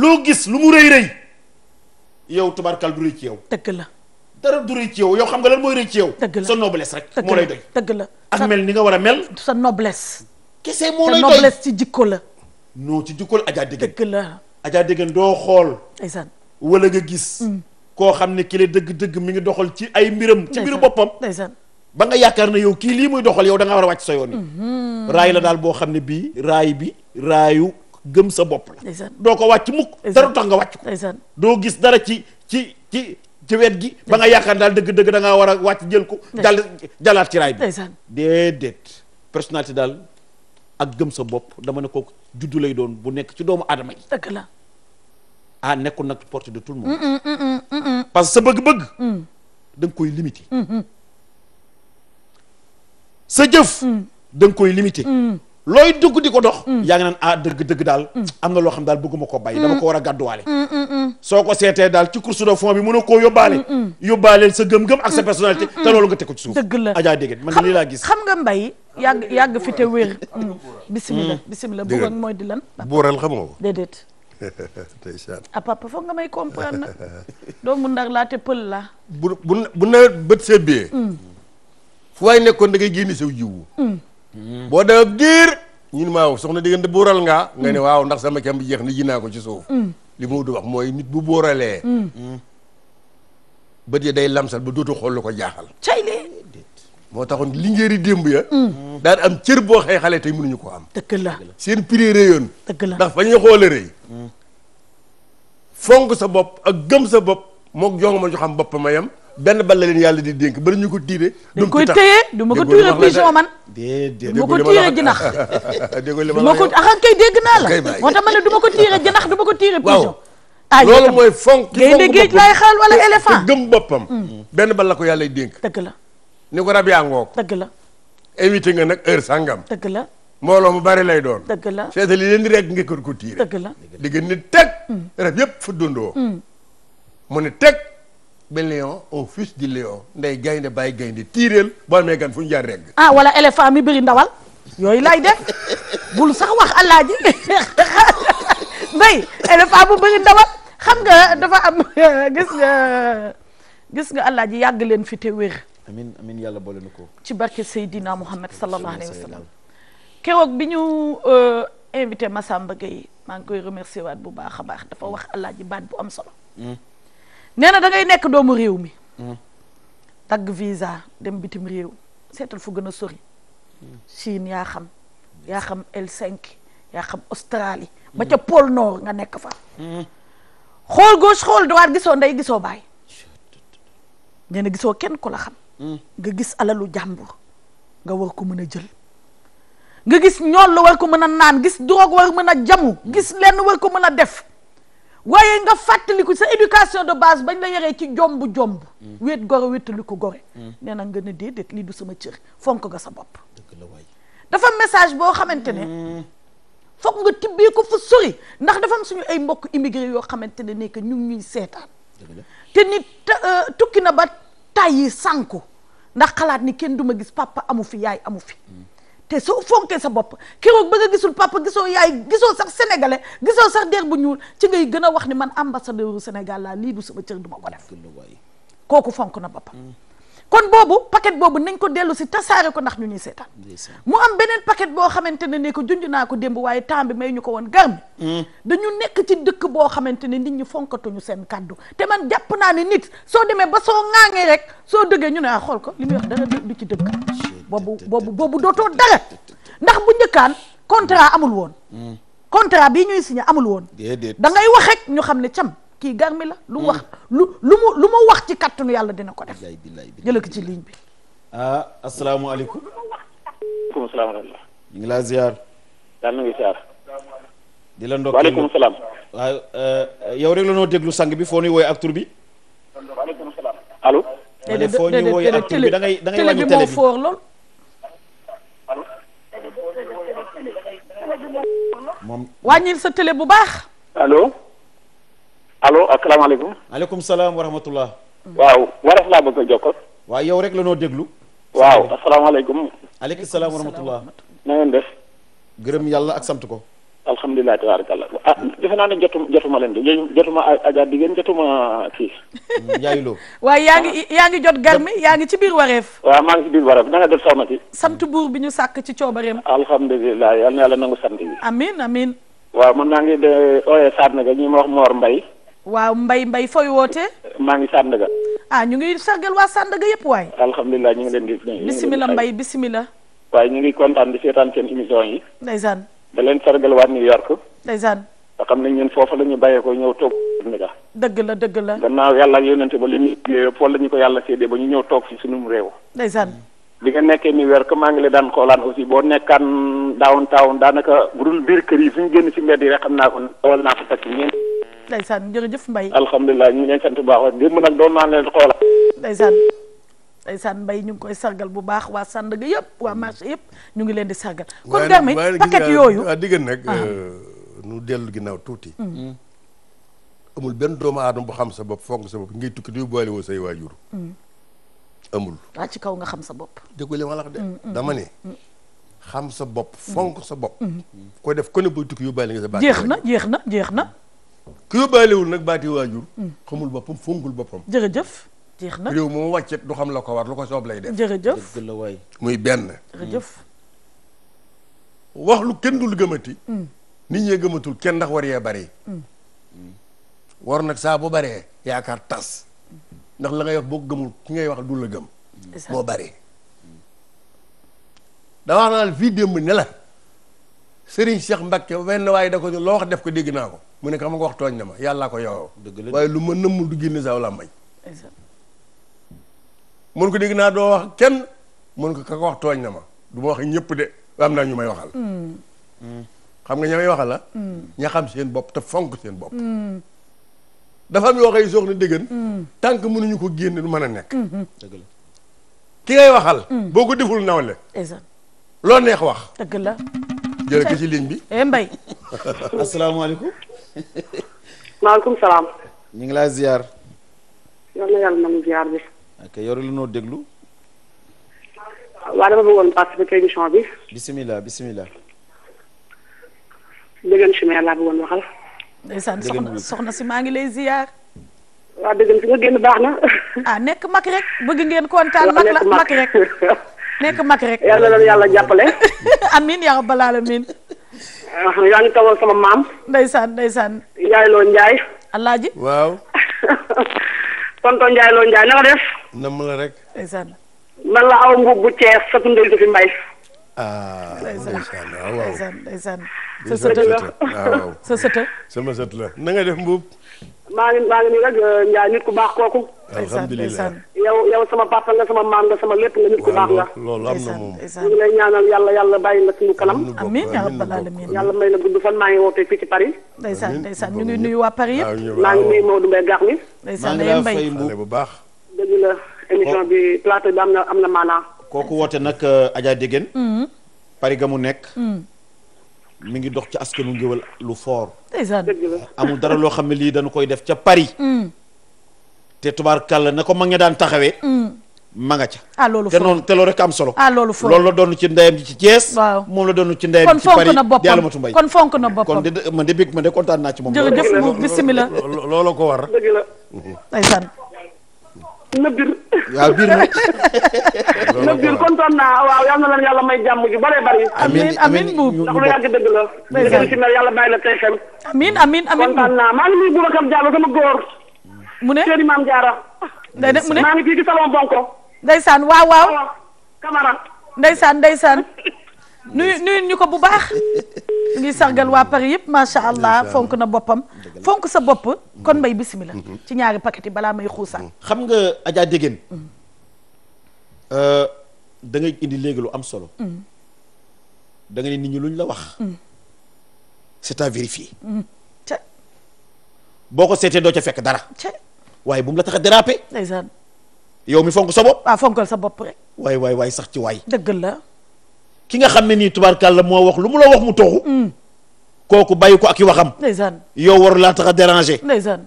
loo gis lu mu rëy rëy. yow tubaarkal du rëy ci yow. dëgg la. dara du rëy ci yow yow xam nga lan mooy rëy ci yow. dëgg la sa noblesse rek. moo lay doy tëgg la ak mel ni nga war a mel. sa noblesse. kese moo lay doy ci jikko la. non ci jikko la Adja Dégane dëgg la. Adja Dégane doo xool. ndeysaan wala nga gis. Mm. koo xam ne kile dëgg-dëgg mi ngi doxal ci ay mbiram. ci mbiru boppam ndeysaan ba nga yaakaar ne yow kii lii muy doxal yow da nga war a wàcc sa yoon yi. Mm-hmm. raay la daal boo xam ne bii raay bi raayu gëm sa bopp la doo ko wàcc mukk dara tax nga wàcc ko doo gis dara ci ci ci ci wet gi ba nga yaakaar daal dëgg-dëgg da ngaa war a wàcc jël ko jàll jàllaat ci raay bi déedéet personnalité daal ak gëm sa bopp dama ne kooku juddu lay doon bu nekk ci doomu aadama yi dëgg la ah nekkul nag porte de tout le monde mm, mm, mm, que sa bëgg-bëgg da nga koy limité sa jëf da koy limité looy dugg di ko dox. Mm. yaa ngi naan ah dëgg dëgg daal. Mm. am na loo xam daal bëgguma ko bàyyi. Mm. dama ko war a gàdduwaale. soo ko seetee daal ci course de fond bi mën a koo yóbbaale. yóbbaale sa gëm-gëm ak sa personnalité. te loolu nga teg ko ci suuf. dëgg la Adja dégg man lii laa gis. xam nga mbay yàgg yàgg fi te wér. la bisimilah bëggoon mooy di lan. buural xam nga ko déedéet. *laughs* ndeysaan ah papa foog nga may comprendre nag doomu ndar laa te pël laa. bu bu bu nawet bët see bee. fu waay nekkoon da ngay génne saw jiwu. boo def ab diir ñu ne maaw soxna diggante bóoral ngaa nga ne waaw ndax sama cam bi jeex na ji naa ko ci suuf mm. li mu du wax mooy nit bu bóoralee mm. mm. bët ya day lamsal ba dootu xool lu ko jaaxal cay moo taxoon lingéeri démb ya daan am cër boo xëy xale tey mënuñu ko am dëgg la seen prix réyoon dëgg la ndax fa ñuy xoole rëy fonk sa bopp ak gëm sa bopp mook jonga ma ñu xam boppam a benn bal leen yàlla di dénk bala ñu ko tiire. du koy téye du ma ko tiire pigeon man. déedéet du ma ko tiire jinax. déggoo li moo mooy fonk. ci gaynde géej laay xaal wala éléphant te boppam. Hmm. benn bal la ko yàlla dénk. dëgg ni ko rab yaa ngoog. dëgg la. invité nga nag heure sangam. dëgg la. mbooloo mu bari lay doon. dëgg la seeta li leen di rek nga ko tiire. dëgg la digg ni teg. Hmm. rab yëpp fu dundoo. Hmm. mu ne teg. ba lion au fus di lion ndey gaynde bàyyi gaynde tiireel boo amee gan fu ñu jaar regg ah wala éléphant mi bëri ndawal yooyu lay def bul sax wax alaaji mbay *laughs* éléphant bu bëri ndawal xam nga dafa am *laughs* gis nga gis nga yàgg leen fi te wér amin yàlla boole na ko ci barke Seydina Muhammad sallallahu alayhi wa sallam keroog bi ñu euh, invité Massamba Gueye maa ngi koy remercier waat bu baax a baax dafa wax alaaji baat bu am solo hmm? nee na nekk doomu réew mi dagg hmm. visa dem bitim réew seetal fu gën a sori hmm. Chine yaa xam yaa xam L5 yaa xam Australie hmm. ba ca pôle nord nga nekk fa xool gauche xool droite gisoo ndey gisoo baay nee gisoo kenn ku la xam nga gis alalu jàmbur nga war ko mën a jël nga gis ñool la war ko mën a naan gis drogue war mën a jamu gis lenn war ko mën a def waaye nga fàttaliku sa éducation de base bañ la yaree ci jomb jomb wéet gore wéetaliku gore nee na nga ne déedéet lii du sama cër fonk nga sa bopp dafa message boo xamante ne mm. foog nga tibbee ko fu sori ndax dafam suñu ay mbokk immigré yoo xamante ne nekk ñu ngi ñuy seetaan te nit euh, tukki na ba tàyyi sànku ndax xalaat ni kenn du ma gis papa amu fi yaay amu fi mm. te soo fonkee sa bopp keroog ba nga gisul papa gisoo yaay gisoo sax sénégalais gisoo sax der bu ñuul ci ngay gën a wax ni man ambassadeur u Sénégal laa lii du sama cër duma ko def kooku fonk na boppam mm. kon boobu paquet boobu nañ ko dellu si tasaare ko ndax ñu ñuy seetaan mu am beneen paquet boo xamante ne ne ko junj naa ko démb waaye temps bi may ñu ko woon garmi mm. dañu nekk ci dëkk boo xamante ne nit ñi fonkatuñu seen kàddu te man jàpp naa ne nit soo demee ba soo ŋaangee rek soo dëggee ñu ah, xool ko li muy ci dëgg boobu boobu boobu dootoo dara ndax bu njëkkaan contrat amul woon contrat bi ñuy signé amul woon da ngay wax rek ñu xam ne cam kii gar la lu mm. wax lu lu mu wax ci kàttanu yàlla dina ko def jëla ko ci ligne bi ah asalaamaaleykum aleykum salaam rahmatulah ñu ngi laa ziar daal na ngi ziar di la ndokk waaleykum salaam waaw euh, yow rek la noo déglu sang bi foo nuy wooye ak tur bi waaleykum salaam allo ma ne foo nuy wooye ak tur bi da ngay da ngay wàññi télé bi moom wàññil sa télé bu baax. allo. allo asalaamaaleykum. maaleykum salaam wa rahmatullah. waaw Wareef laa bëgg a jokkoo. waaw yow rek la noo déglu. waaw asalaamaaleykum. maaleykum salaam wa rahmatullah. na ngeen def. gërëm yàlla ak sant ko. alhamdulilah tabaarakallah ah defe naa ne jotu jotuma leen de jotuma Adja Digeen jotuma kii. Ndiaye *laughs* Lo. waaye yaa ngi ah. yaa ngi jot garmi yaa ngi ci biir wareef. waaw maa ngi ci biir wareef na nga def soxna si. sant buur bi ñu sàkk ci coobareem. alhamdulilah yal na yàlla nangu sant yi. amiin amiin. waaw man maa ngi de ooyee Sandaga ñi ma wax Mor Mbaye. waaw mbay mbay fooy woote maa ngi Sandaga. ah ñu ngi sargal waa Sandaga yëpp waay. alhamdulilah ñu ngi leen di. bisimilah Mbaye bisimilah. waaye ñu ngi kontaan di seetaan seen émission yi. ndeysaan da leen sargal waat New York. ndeysaan. nga xam ne ñun foofu la ñu bàyyee ñëw toog. dëgg la dëgg la. gannaaw yàlla ak yonente ba li ñuy foofu la ñu ko yàlla séedee ba ñu ñëw toog fi sunum réew. ndeysaan. bi nga nekkee New York maa ngi la daan xoolaan aussi boo nekkaan downtown daanaka bu dul biir kër yi fu ñu génn si mbedd yi rek xam naa ko dawal naa ko takk ñeent. ndeysaan jërëjëf Mbaye. alhamdulilah ñu ngi leen sant bu baax démb nag doon naa leen xoolaan. ndeysaan. ndeysaan mbay ñu ngi koy sargal bu baax waa Sandaga yëpp waa marché yëpp ñu ngi leen di sargal kon damit paquet yooyu waaw diggan nag ah. euh, nu dellu ginnaaw tuuti mm. Mm. amul benn doomu aadama bu xam sa bopp foog sa bopp ngay tukki say waajur mm. amul waa ci kaw nga xam sa bopp déggu li ma dama ne xam sa bopp fonk sa bopp koy def ko ne boy tukki yóbbaale nga sa baat jeex na jeex na jeex na ku yóbbaalewul nag baati waajur xamul boppam fonkul boppam jëf jeex na réew moom wàccet xam la ko war lu ko soob lay def. jërëjëf la waay muy benn. jërëjëf. lu kenn dul gëmati. Mm. nit ñee gëmatul ndax war yee bari. Mm. Mm. saa bu baree yaakaar tas ndax la ngay wax boo gëmul ngay wax du la gëm. moo bari. da wax fii démb ne la Serigne Cheikh Mbacke wenn waaye da ko loo wax def ko dégg naa ko mu ne ko nga wax tooñ na ma yàllaa ko yow. waaye lu ma nëmmul du génne saw laa mañ mun ko dégg naa doo wax kenn mën ko ka wax tooñ na ma du wax ñëpp de am naa ñu may waxal. Mm. xam nga ña may waxal la. Mm. ña xam seen bopp te fonk seen bopp. Mm. dafa am yoo xëy soog na dëggan. mënuñu ko génn du mën a nekk. Mm-hmm. dëgg ki ngay waxal. boo ko deful nawle. exact loo neex wax. dëgg la. jël ko ci ligne bi. Eh, Mbaye. *laughs* asalaamaaleykum. maaleykum salaam. ñu ngi laa ziar. yàlla na yàlla na mu ziar bi. ok yoru lu noo déglu. waaw dama bëggoon participer ci émission bi. bisimilah bisimilah. dëggan si mais laa bëggoon waxal. soxna si maa ngi lay ziyaar. dëggan si nga baax na. ah nekk mag rek bëgg ngeen kontaan. mag la mag rek nekk mag rek. yàlla na yàlla jàppale. *laughs* amin yaa rabbal alamin. Ah, yaa ngi tawal sama maam. ndeysaan ndeysaan. Ndiaye loo Ndiaye. alaaji *laughs* tonton Ndiaye loo Ndiaye na nga def. na la rek. ndeysaan. man la aw mbuub bu Cees sa tundal du fi mbay. ah ndeysaan waaw waaw ndeysaan sa sët ah, sa sët la sama sët la def mbuub. maa ngi nii rek euh, Ndiaye nit ku baax kooku. alhamdulilah yow yow sama papa nga sama maam nga sama lépp nga nit ku baax nga. loolu am na moom ñu ngi lay ñaanal yàlla yàlla bàyyi la suñu kanam. amiin yaa maa ngi wootee fii ci Paris. ndeysaan ndeysaan ñu ngi nuyu waa Paris yëpp. maa ngi nuyu Maodo Mbaye bu baax. dëgg la am na am kooku woote nag euh, Adja Dégène. Mm-hmm. Paris ga mu nekk. mu mm. ngi dox ci askanu ngéwël lu fort. ndeysaan amul dara loo xam ne lii dañu koy def ca Paris. Mm. te tubaarkàlla na ko mag ña daan taxawee. Mm. ma nga ca. ah loolu te noonu te loolu rek am solo. ah loolu foofu loolu la doon ci ndeyam ji ci Thiès. moom la doon ci ndeyam ji ci Paris di Alamatu Mbay kon fonk na boppam kon de man de bég man de kontaan naa ci moom. jërëjëf mu bisimilah loolu ko war. dëgg la. ndeysaan. na waaw bir na. *laughs* na bir kontaan naa waaw yal na leen yàlla may jàmm ju bëree bëri. amiin amiin bu ndax lu yàgg dëgg la. dëgg la yàlla bàyyi la tey xel. amiin amiin amiin bu kontaan naa maa sama góor mu ne seeni maam jaara day mu ne maa ngi fii ci salon bonko ndeysaan waaw waaw kamara ndeysaan ndeysaan nuyu nuyu ñu ko bu baax ngi sargal waa Paris yëpp macha allah fonk na boppam fonk sa bopp kon mbay bismillah mhm. ci ñaari paquet yi balaa may xuusaa mhm. xam nga ajaa déggéen mhm. euh, dangay indi léegi lu am solo da ne nit ñi luñ la wax c'est à vérifier boo ko seetee doo ca fekk dara waaye bu mu la tax a déraper. yow mi fonk sa bopp. waaw fonkal sa bopp waay waay waay sax ci waay. dëgg la. ki nga xam ne nii la moo wax lu mu la wax mu toxu. Mm. kooku bàyyi ko ak i waxam. ndeysaan yow waru laa tax a déranger. ndeysaan.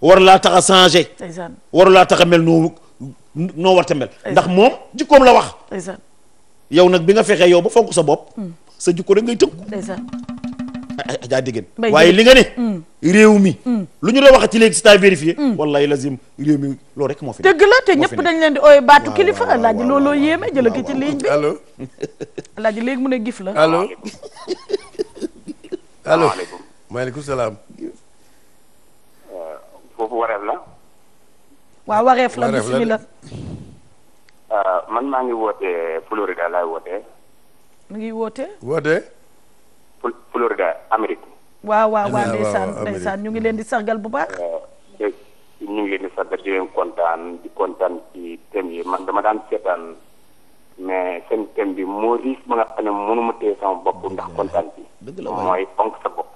waru laa tax a changer. ndeysaan waru laa tax a mel noo noo war a mel. ndax moom jikkoom la wax. ndeysaan yow nag bi nga fexe yow ba fonk sa bopp. Mm. sa jikko rek ngay tënku. ajaa diggéen waaye li nga ne mm. réew mi mm. lu ñu doon wax ci léegi c'est à vérifier mm. wallahi lazim réew mi loolu rek moo fi dëgg la te ñëpp dañ leen di ooy baatu kilifa alaaji looloo yéeme jëla ki ci ligne bi allo alaaji léegi mu ne gif la allo *laughs* allo maaleykum salaam euh, foofu wareef la waaw wareef la bismillah euh, man maa ngi woote Florida laay woote mu ngi woote woote Florida Amérique. waaw waaw waaw ndeysaan ndeysaan ñu ngi leen di sargal bu baax. Euh, ñu ngi leen di sargal di leen kontaan kontaan ci thème man dama daan seetaan mais seen bi moo riis ba nga xam ne mënuma téye sama bopp ndax kontaan bi. mooy fonk sa bopp.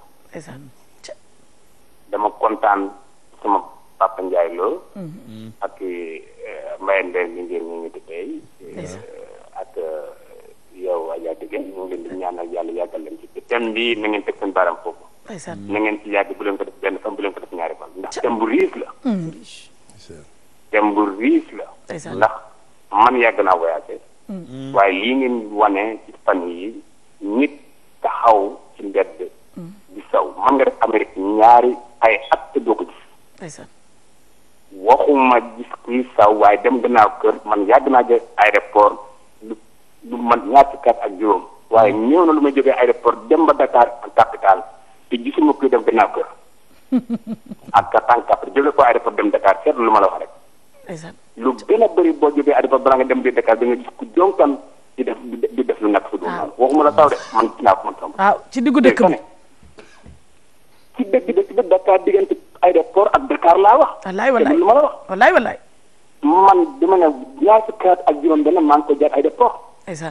dama kontaan sama papa Ndiaye mm-hmm. ak euh, Mbaye Ndeye mi ngeen ñu ngi tey. Euh, ak yow Adja Degene ñu ngi leen di ñaanal yàlla yàggal leen ci. thème bi na ngeen teg seen baaraam foofu. na ngeen ci yàgg bu leen ko def benn fan bu leen ko def ñaari fan. ndax thème bu riis la. Mm. thème bu riis la. ndax man yàgg naa voyagé. Mm. Mm. waaye lii ngeen wane ci fan yi nit taxaw ci mbedd. di saw man nga def Amérique ñaari ay at te doo waxuma gis kuy saw waaye dem gannaaw kër man yàgg naa jël aéroport lu man ñaar ci kat ak juróom. waaye néew na lu may jógee aéroport dem ba Dakar en capital te gisuma kuy def gannaaw kër *laughs* ak tànk après jóge ko aéroport dem Dakar seetlu lu ma la wax rek. lu gën boo jógee aéroport balaa dem biir Dakar da nga gis ku jonkan di def di def lu nekk su dul ah. noonu waxuma la taw de man dinaa ko mën sama. Ah, ci diggu dëkk bi ci dëkk dëkk bi Dakar diggante aéroport ak Dakar laa wax. wallaay wallaay ma la wax wallaay wallaay. man dama ne ñaar fukki at ak juróom benn maa ngi ko jaar aéroport.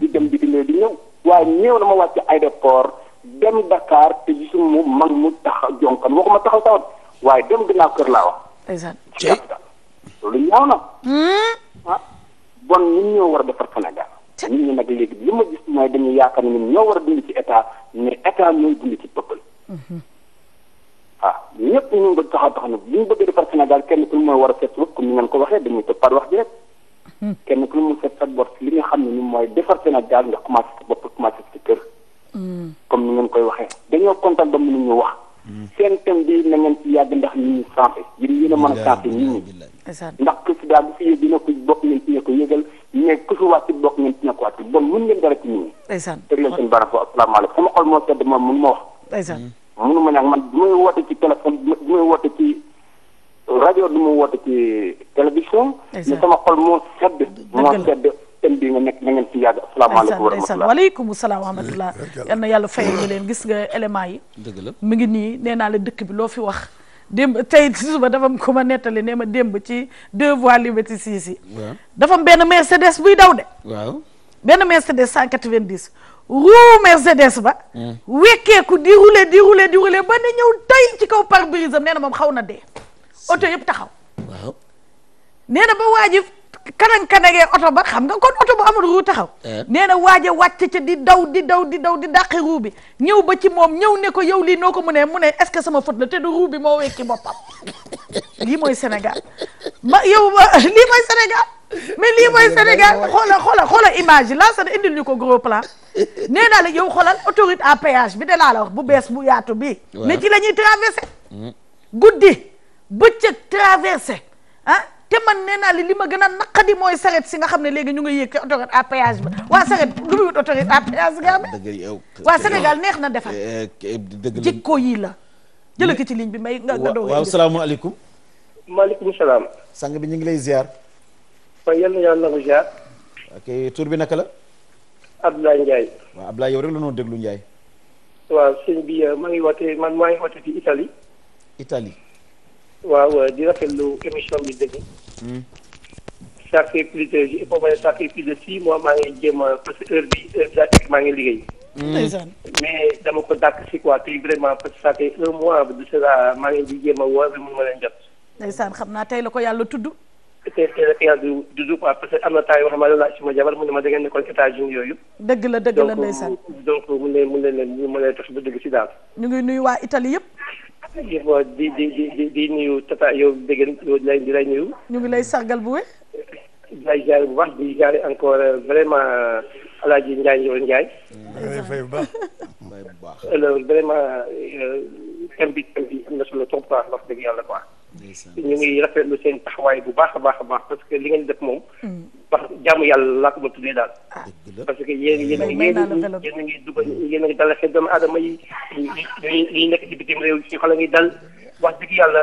di dem di di ñëw. waaye ñëw na ma wàcc aéroport dem Dakar te gisuma mag mu taxaw jonkan waxuma taxaw tawat waaye dem ginnaaw kër laa wax. exactement loolu ñaaw na. Hmm? ah bon nu ñoo war a defar Sénégal. nu ñi nag léegi li ma gis mooy dañuy yaakaar ne ñoo war a dund ci état mais état ñooy dund ci peuple. waaw hmm. ah, ñëpp ñu ngi bëgg taxaw taxaw na bu ñu bëgg defar Sénégal kenn ku mooy war a seet wëpp comme ni ngeen ko waxee dañuy toppaat wax ji kenn ku mu set sa bopp li nga xam ne ni mooy defar Sénégal nga commencé sa bopp commencé sa kër. Mm. comme ni ngeen koy waxee dañoo kontaan ba mënuñu wax. Mm. seen thème bi na ngeen ci yàgg ndax nit ñi santé yéen yéen a mën a santé nit ñi. ndax président bu fi yëg dina ko bokk ngeen ci ne ko yëgal mais ku fi wàcc bokk ngeen ci ne ko wàcc bon mun ngeen dara ci nit ñi. ndeysaan teg leen seen barab foofu asalaamaaleykum sama xol moo sedd moom rajo du ma woote ci télévision. mais sama xol moo sedd. moo sedd thème bi nga nekk na ngeen ci yàgg. asalaamaaleykum wa rahmatulah waaleykum salaam wa yàlla fayal ñu leen gis nga élément yi. dëgg la mi ngi nii nee naa la dëkk bi loo fi wax. démb tey ci suba dafa am ku ma nettali nee ma démb ci deux voies liberté six yi. dafa am benn Mercedes buy daw de. waaw benn Mercedes 190. roue Mercedes ba. Hmm. wekkeeku di rouler di rouler di rouler ba ne ñëw tey ci kaw pare-brise am nee na moom xaw na dee. oto yëpp taxaw. waaw nee na ba waa ji kanang kanangee oto ba xam nga kon oto bu amul ruu taxaw. Eh. nee na waaja ci di daw di daw di daw di dàqi ruu bi ñëw ba ci moom ñëw ne ko yow lii noo ko mu ne mu ne est-ce que sama faute la te du bi moo wekki boppam *laughs* lii mooy senegal ma yow *laughs* lii mooy Sénégal. mais lii mooy Sénégal xoolal *laughs* xoolal xoolal image yi laa sax indil ñu ko gros plan nee naa la yow xoolal autorité à péage bi de laa la wax bu bees bu yaatu bii. ne ci la ñuy traversé. Mm. guddi. bëccëg traversé ah te man nee naa li li ma gën a naqadi mooy saret si nga xam ne léegi ñu ngi yéeg ci autoroute à péage ba waa saret lu muy wut autoroute à péage nga xam ne waa Sénégal neex na defar eh, eh, jikko yi la jëla ki ci ligne bi may nga nga doo waaw salaamaaleykum maaleykum salaam sang bi ñu ngi lay ziar waaw yal na yàlla nangu ziar ok tur bi naka la Abdoulaye Ndiaye waaw yow rek la noo déglu Ndiaye euh, maa ngi woote man maa ngi woote ci Italie Italie waaw di rafetlu émission bi dëgg. ça fait plus de je mois maa ngi jéem parce que heure bi heure maa ngi liggéey. Hmm. mais dama ko dàkk si quoi tey vraiment parce que ça fait un de cela maa ngi di jéem a woo bi ma leen jot. ndeysaan xam naa tey la ko yàlla tudd. tey tey la ko yàlla tudd parce que am na temps yoo xam ne laa si ma jabar mu ne ma da ngeen nekkoon États-Unis yooyu. dëgg la dëgg la ndeysaan donc mu ne mu ne leen mu ma leen tax ba dëgg si daal. ñu ngi nuyu waa Italie yëpp. waaw di di di di nuyu tata yow dégg yow di lay di lay nuyu. lay sargal bu wér. di lay jaare bu baax di jaare encore euh, vraiment El Hadj Ndiaye Ndiol Ndiaye. fay bu baax. alors euh, euh, bi thème bi am na solo trop quoi wax dëgg yàlla quoi. ñu ngi rafetlu seen taxawaay bu baax a baax a baax parce que li ngeen def moom. Hmm. wax jaamu yàlla laa ko ma tuddee ah. parce que yéen yéen a ngi yéen a ngi yéen a ngi dugal yéen a ngi dal xel doomu bitim réew ci xol ngi dal wax dëgg yàlla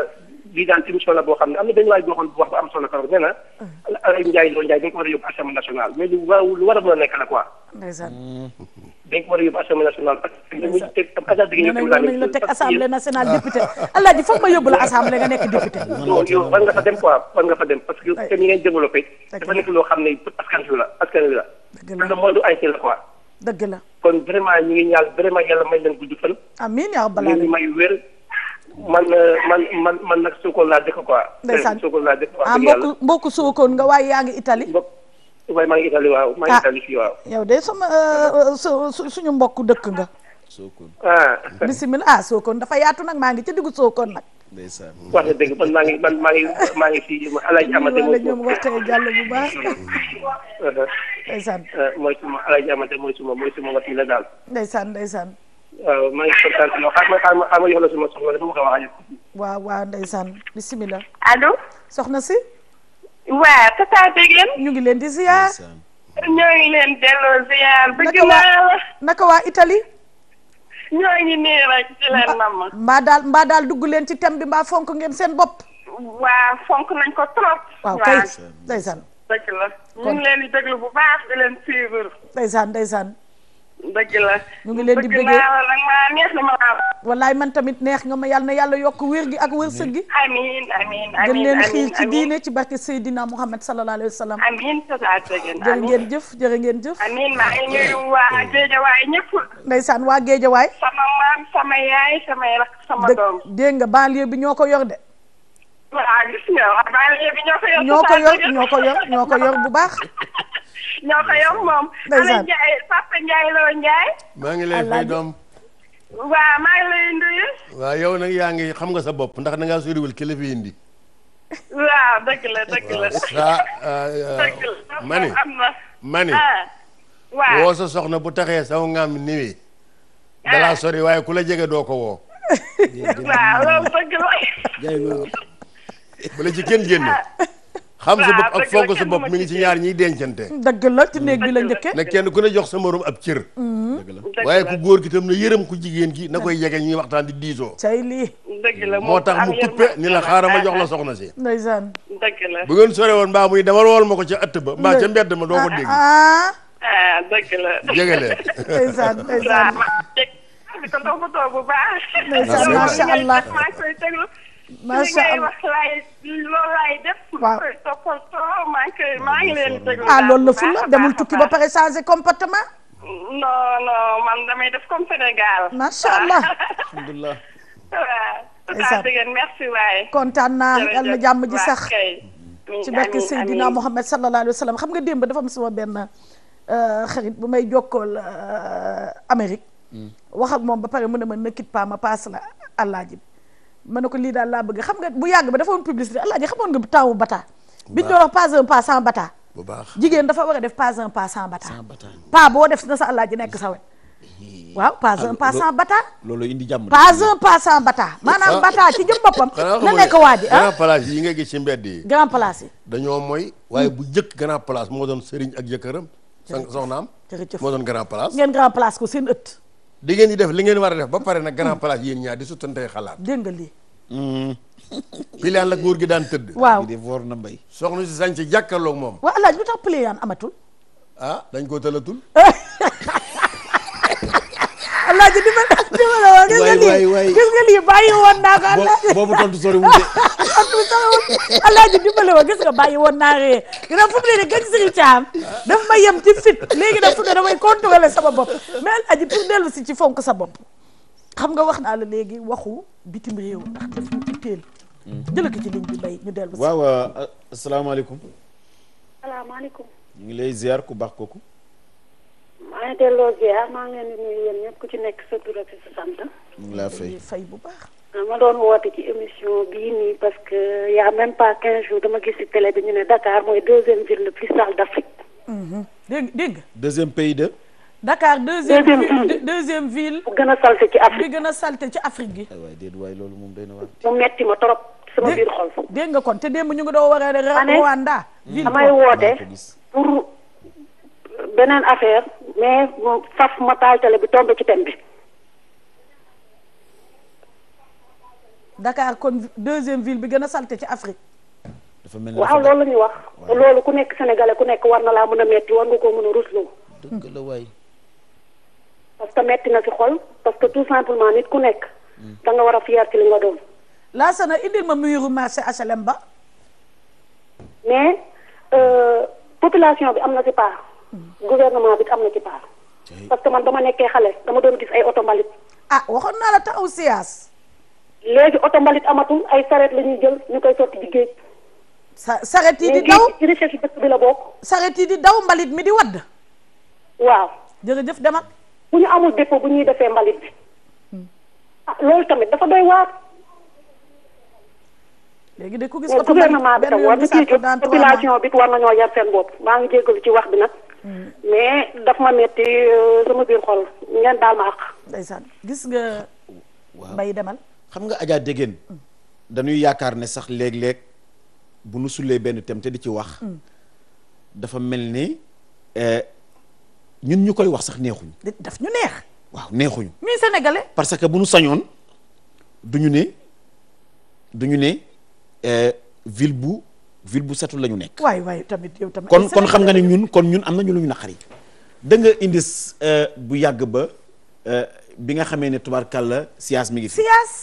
lii daal émission la boo xam ne am na benn waay boo xam wax bu am solo kaw nee na ah. Alioune Ndiaye Lo Ndiaye dañ ko war a yóbbu assemblée nationale mais lu war lu war a mën a nekk la quoi. dañ ko war a yóbbu assemblée nationale parce que ñu teg am agent dëgg ñëw nañ la ma yóbbu la assemblée nga nekk député non war nga fa dem parce que thème yi ngay développé dafa nekk loo xam ne pour askan wi la askan la kon vraiment ñu ngi ñaan vraiment yàlla may leen gudd fan amiin yaa rabbal aalamiin may wér nga waaye yaa ngi Italie Dubaay maa ngi waaw maa ngi ah. Italie fii waaw. yow de sama uh, suñu mbokku dëkk nga. Sokone ah. *laughs* bisimilah ah Sokone dafa yaatu nag maa ngi ci diggu Sokone nag. ndeysaan wax dëgg man maa man maa maa ngi fii Alaaji Amate mooy. ñoom waxtee jàll bu baax. *laughs* ndeysaan. Eh, mooy suma Alaaji Amate mooy suma mooy suma wat daal. ndeysaan ndeysaan. waaw maa ngi kontaan si loolu xaaral suma soxla dafa ma ko wax. waaw waaw ndeysaan bisimilah. allo soxna si. waa tata Degene. ñu ngi leen di ziar. ñoo ngi leen delloo ziar. bëgg naka waa Italie. ñoo ngi nii rek ci leen nam. mbaa daal mbaa daal dugg leen ci thème bi mbaa fonk ngeen seen bopp. waa fonk nañ ko trop. waaw kay bu baax di leen suivre. dëgg la ñu ngi leen di bëggee wallaay man tamit neex nga ma yàlla na yàlla yokk wér gi ak wërsëg gi gën leen xiir ci diine ci barke Seydina Mouhamed sallallahu alayhi wa sallam ngeen jëf jërë ngeen jëf amiin maa waa géejawaay ñëpp ndeysaan waa sama maam sama yaay sama rak sama doom dégg nga banlieue ñoo ko yor de ñoo ko yor ñoo ko yor ñoo ko yor ñoo ko yor bu baax ñoo ko yor moom. maa ngi lay doom. waaw maa ngi lay nuyu. waaw yow na yaa ngi xam nga sa bopp ndax da ngaa soriwul kilifa yi indi. waaw dëgg la dëgg la. Ah, ah, dëgg la mani mani. Ah, waaw woo sa soxna bu taxee saw ngaam niwee. dalaa sori waaye ku la jege doo ko woo. *laughs* waaw loolu dëgg la. *laughs* bu la ci kenn génne. xam sa bopp ak fonk sa bopp mi ngi ci ñaar ñiy dencante dëgg la ci néeg bi la njëkke ne kenn ku ne jox sa morom ab cër mm-hmm. dëgg waaye ku góor gi tam na yërëm ku jigéen gi na koy yege ñuy waxtaan di diisoo say lii moo tax mu coupé ni la xaaral ma jox la soxna si ndeysaan dëgg bu ngeen sore woon mbaa muy demal wool ma ko ca ëtt ba mbaa ca mbedd ma doo ko dégg ah, ah, ah. ah dëgg la *laughs* allah Ah, macha allah waaw ah loolu ba pare changé comportement. non naa yal jàmm ji sax. ci barke Seydina Mohamed sallallahu alayhi wa sallam xam nga démb dafa am sama benn euh, xarit bu may jokkool euh, Amérique. Hmm. wax ak moom ba pare mu ne ma ne quitte pas ma paas la àllaaji. ma ne ko lii daal laa bëgg xam nga bu yàgg ba dafa woon publicité alaaji xamoon nga tawu bata biñ doon wax pas un pas sans bu baax jigéen dafa war a def pas un pas sans bata pas boo def na sa alaaji nekk sa wet waaw pas un ah, pas sans bata loolu indi jàmm pas un pas sans bata maanaam ah. bata ci jëm boppam na nekk waa ah. grand place yi nga gis ci mbedd yi grand place yi dañoo mooy waaye hmm. bu jëkk grand place moo doon sëriñ ak jëkkëram soxnaam moo doon grand place ngeen grand place ko seen ëtt di ngeen di def li ngeen war def ba pare nag grand place yéen ñaar di suttantee xalaat. dégg nga lii. piliyaan hmm. la góor gi daan tëdd. waaw di woor na mbay. soxna si sañ si jàkkaarloog moom. wa El Hadj lu tax piliyaan amatul. a ah, dañ koo talatul. *laughs* alaaji di ma dimbale woon gis lii gis nga lii naa ko alaaji boobu tontu sori wu de tontu sori wu alaaji dimbale woon gis nga bàyyi woon naa ree gis ne nii gën Serigne Thiam daf ma ne damay contrôler sama bopp mais alaaji pour dellu si ci fonk sa bopp xam nga wax naa la léegi waxu bitim réew ndax daf ñu itteel jëla ko ci ligne bay ñu dellu si waaw asalaamaaleykum asalaamaaleykum ngi lay ziar ku baax kooku maa ngi delloo ziar maa ngi leen di nuyu yéen ñëpp ku ci nekk sa tur ak sa sant. laa fay fay bu baax. Ah, ma doon woote ci émission bii parce que y' a même pas 15 jours dama gis ci télé bi ne Dakar mooy deuxième ville le plus sale d' Afrique. Mhm. dégg deuxième pays de. Dakar deuxième. deuxième ville deuxième ville. bu gën a salte ci Afrique bi gën a salte ci Afrique gi. waaye loolu moom day na waar. mu metti ma trop sama biir xol. dégg kon te démb ñu ngi doon war a. Rwanda. ville woote beneen affaire mais faf ma taal télé bi tombé ci thème bi. Dakar kon deuxième ville bi gën a salte ci Afrique. dafa mel waaw loolu la ñuy wax. loolu ku nekk sénégalais ku nekk war na laa mën a metti war nga koo mën a rusloo. dëgg la waay. parce que metti na ci xol parce que tout simplement nit ku nekk. Hmm. da nga war a fier ci li nga doon. laasana indil ma muru marché HLM ba. mais euh, population bi am na ci part. gouvernement bi am na ci part. parce que man dama nekkee xale dama doon gis ay oto mbalit. ah waxoon naa la te aw siyaas. léegi oto mbalit amatul ay sareet lañuy jël ñu koy sotti ci sa sareet yi di daw ci richesse dëkk bi la bokk. sareet yi di daw mbalit mi di wadd. waaw. jëf demal. bu ñu amul dépôt bu ñuy defee mbalit bi. Hmm. ah loolu tamit dafa doy waar. léegi de ku gis. oto mbalit bi tam war na ciy jóg population bi war nañoo yar seen bopp maa ngi jégalu ci wax bi nag. mais daf ma metti euh, sama biir xol ngeen daal ma àq. gis nga. waaw bay demal. xam nga Adja Dégéen. Mm. dañuy yaakaar ne sax léeg-léeg bu nu sulee benn thème te di ci wax. Mm. dafa mel ni eh, ñun ñu koy wax sax neexuñ. daf ñu neex. waaw neexuñu. ñuy sénégalais. parce que bu nu sañoon du ñu ne du ñu ne eh, ville bu. ville bu setul la ñu nekk. waay waay tamit yow kon kon xam nga ne ñun kon ñun am na ñu lu ñu naqari. da nga indi euh, bu yàgg ba euh, bi nga xamee ne tubaarkàlla siyaas mi ngi fi. siyaas.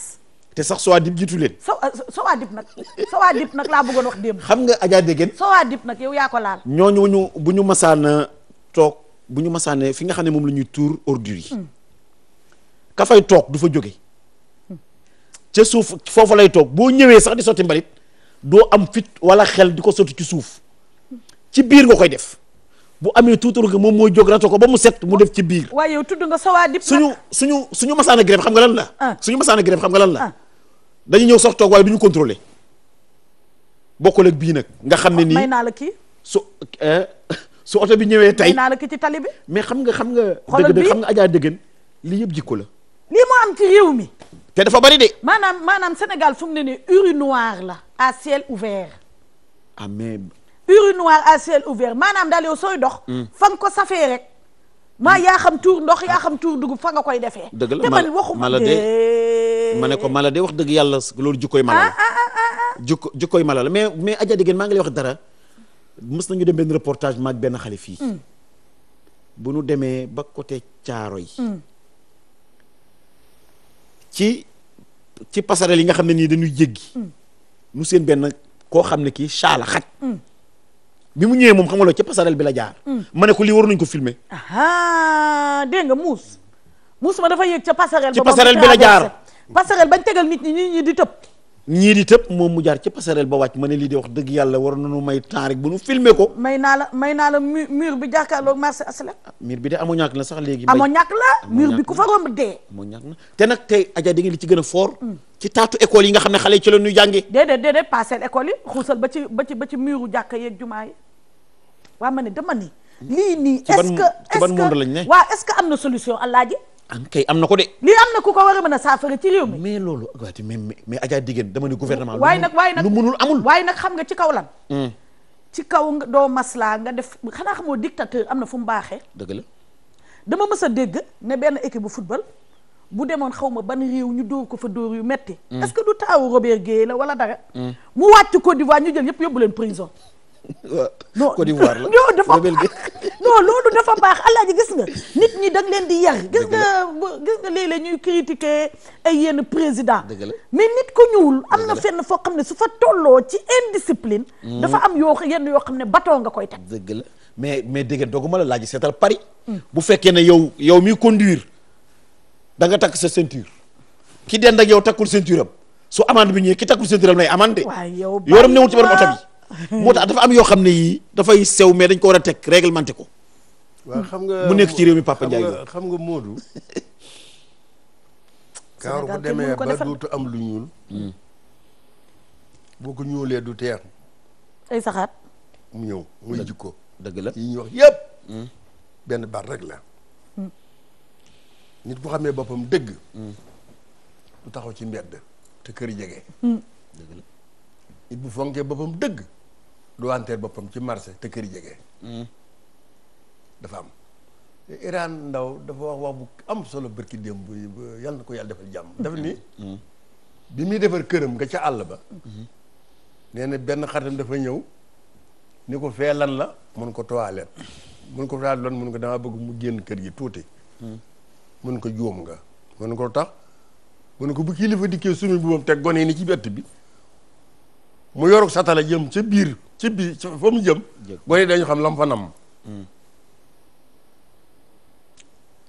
te sax soo dib jiitu leen. so soo euh, dib nag soo nag laa bëggoon wax démb. xam nga Adja Dégène. soo dib nag yow yaa ko laal. ñooñu ñu bu ñu masaana toog bu ñu masaane fi nga xam ne moom lañuy tuur ordure yi. Hmm. toog du fa jóge. Hmm. ca suuf foofu lay toog boo ñëwee sax di sotti mbalit. doo am fit wala xel di ko sotti ci suuf ci biir nga koy def bu amee tuuturu gi moom mooy jóg rato ko ba mu set mu def ci biir. waaw yow tudd nga sawaa dip suñu suñu suñu masaana grève xam nga lan la. Ah. suñu masaana grève xam nga lan la. Ah. dañu ñëw sox toog waaye du ñu contrôlé bokkul ak bii nag. nga xam ne ah, nii naa la kii su eh, *laughs* su oto bi ñëwee tey naa la kii ci tali bi. mais xam nga xam nga. xoolal dëgg xam nga Adja dëggan lii yëpp jikko la. lii moo am ci réew mi. te dafa bari de. maanaam maanaam Sénégal fu mu ne nii urinoir la. à ciel ouvert. amee. urinoir à ciel ouvert maanaam daal yow sooy dox. Mm. fa ko safee maa mm. yaa xam tuur ndox yaa ah. xam tuur dugub fa nga koy defee. dëgg la ma malade ma ne ko malade wax dëgg yàlla loolu jukkooy mala la. Ah, ah, jukko jukkooy mala la mais mais Adja Degene maa ngi lay wax dara. mës nañu dem benn reportage maag benn xale fii. Mm. bu nu demee ba côté caaro yi. ci ci yi nga xam ne nii dañuy jéggi. mu seen benn koo xam ne kii chat la xaj. Mm. mu ñëwee moom xam nga loolu ca passerelle bi la jaar. Mm. ma ne ko lii war nañ ko filmer ah dégg nga muus. muus ma dafa yéeg ca passerelle. ba ci passerelle bi la jaar passerelle bañ tegal nit ñi nit ñi di tëb. ñii di tëb moom mu jaar ci passerelle ba wàcc ma lii de wax dëgg yàlla war nañu may temps rek ba nu filmer ko. may naa la may naa la mur mur bi jàkkaarloog marché ah, bi de amoo ñàkk la sax léegi. amoo ñàkk la mur bi ku fa romb dee. te nag tey Adja da ngeen li ci gën a fort. Mm. ci taatu école yi nga xam ne xale yi ci la ñuy jàngee. déedéet déedéet passé école yi xuusal ba ci ba ci ba ci muru jàkka jumaa yi waa ma ne dama ni. Mm. lii nii est-ce que est-ce que waa est-ce que am na solution alaaji am am na ko de. lii am na ku ko war a mën a saafara ci réew mi. mais loolu waati mais mais Adja Diegane dama ne gouvernement. waaye nag waaye nag lu munul amul. waaye nag xam nga ci kaw lan. Hmm. ci kaw nga doo maslaa nga def xanaa xamoo dictateur am na fu mu baaxee. dëgg la dama mës a dégg ne benn équipe bu futbal bu demoon xaw ma ban réew ñu dóor ko fa dóor yu metti hmm. est-ce que du taawu Robert Guèye la wala dara. Hmm. mu wàcc Côte d'Ivoire ñu jël yëpp yóbbu leen prison. *laughs* non Côte d'Ivoire la non dafa *laughs* non loolu dafa baax alaaji gis nga nit ñi da leen di yar gis nga gis nga léeg-léeg ñuy critiquer ay yenn président mais nit ko ñuul am na fenn foo xam ne su fa tolloo ci indiscipline mm. dafa am yoo yenn yoo xam ne bato nga koy teg dëgg la mais mais dégg doguma la laaj seetal Paris mm. bu fekkee ne yow yow miy conduire da nga takk sa ceinture ki dend ak yow takkul ceinture am su amande bi ñëwee ki takkul ceinture am lay amande yoram newul ci borom oto bi moo tax dafa am yoo xam ne yii dafay sew mais dañ ko war a teg réglementé ko. xam nga mu nekk ci réew mi Papa Ndiaye. xam nga Modou. *laughs* kaaru bu demee ba dootu am lu ñuul. Hmm. boo ko ñuulee du teer. ay saxaat. mu ñëw mu muy jikko. dëgg la yi ñuy wax yëpp. Hmm. benn baat rek la. Hmm. nit bu xamee boppam dëgg. du taxaw ci mbedd. te kër jege. dëgg la nit bu fonkee boppam dëgg. du wanteer boppam ci marché te kër jege. Hmm. dafa am Iran Ndaw dafa wax wax bu am solo bërki démb yàlla na ko yàlla defal jàmm daf ni hmm. bi muy defar këram nga ca àll ba hmm. nee na benn xaritam dafa ñëw ni ko fee lan la mun ko toilette mun ko toilette lan mun ko damaa bëgg mu génn kër gi tuuti mun ko juum nga mun ko tax mun ko bu kilifa dikkee sumi bu moom teg gone ni ci bett bi mu yoruk satala jëm ca biir ci biir fa mu jëm gone dañu xam lam fa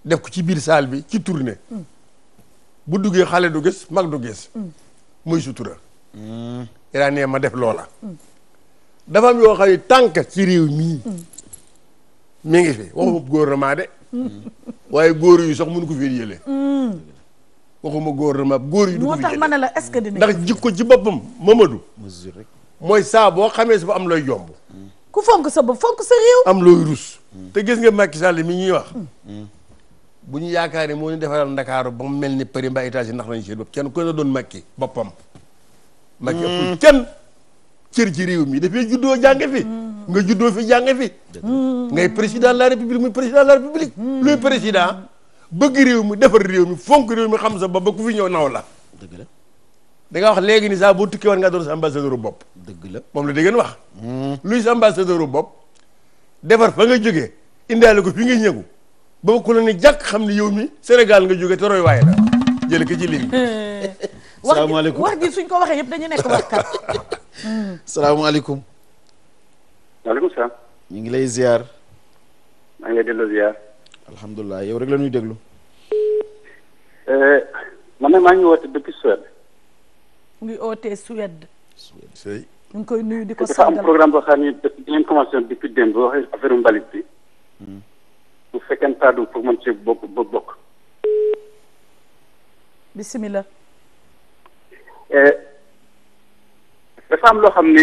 def ko ci biir saal bi ci tournée hmm. bu duggee xale du gis mag du gis hmm. muy sutura hmm. yaa nee ma def loola dafa am yoo xam ne ci réew mii mi ngi fi waxuma gouvernement de waaye góor yu sax mënu ko fi yële waxuma góor ma góor yi. du ko fi jëlee moo tax ma la est que dinañ ndax jikko ci boppam Mamadou. mooy saa boo xamee si ba am looy yomb. ku fonk sa bopp fonk sa réew. am looy rus. te gis nga Macky Sall mi ñuy wax. bu ñu yaakaar ne moo ñu defaral Ndakaaru ba mu mel ni Paris mbaa étage ndax nañu seen bopp kenn ku ne doon Macky boppam. Macky hmm. ëpp kenn cër ci réew mi dafay juddoo jànge fi. Hmm. nga juddoo fi jànge fi. Hmm. ngay président de la république muy président de la république. bëgg réew mi defar réew mi fonk réew mi xam sa bopp ba ku fi ñëw naw la. dëgg la da wax léegi ni saa boo tukkee war nga doon sa ambassadeur bopp. dëgg la moom la di ngeen wax. Hmm. luy sa ambassadeur bopp defar fa nga jógee indaale ko fi nga ñëw ba ku la ni jàkk xam ni yow mi Sénégal nga jóge te roy waaye la jël ko ci ligne bi. *laughs* salaamaaleykum wax ji suñ ko waxee yëpp dañu *laughs* salaamaaleykum. salaam. ñu ngi lay ziar. maa ngi lay delloo ziar. alhamdulilah yow rek la ñuy déglu. Eh, man nag maa ngi woote depuis Suède. mu ngi ootee Suède. Suède ñu ngi koy nuyu di ko. dafa am programme boo xam ne di leen commencé depuis démb boo waxee affaire mbalit bi. Hmm. bu fekkee taadu pour mën cee bokk ba bokk. bisimilah. Eh, dafa am loo xam ne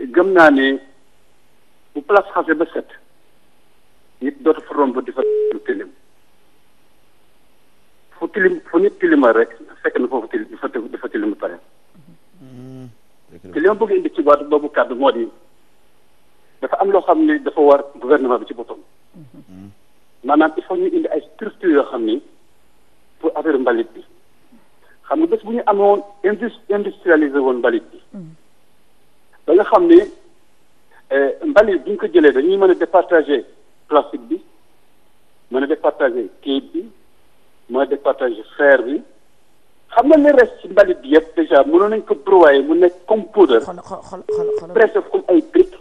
gëm naa ne bu place xasee ba set. nit dootu fa romb di fa tilim fu tilim fu nit tilima rek fekk na foofu tilim di fa tilim pare te li ma bëgg indi ci baatu boobu kàddu moo di dafa am loo xam ne dafa war gouvernement bi ci boppam maanaam il faut ñu indi ay structure yoo xam ni pour affaire mbalit bi xam nga bés bu ñu amoon indus industrialisé woon mbalit bi mm-hmm. ba nga xam ne eh, mbalit bu ñu ko jëlee dañuy mën a départager plastique bi mën a départager kayit bi mën a départager fer bi xam nga li reste ci mbalit bi yëpp déjà mënoon nañ ko broyer mu nekk comme poudre. presque comme ay briques.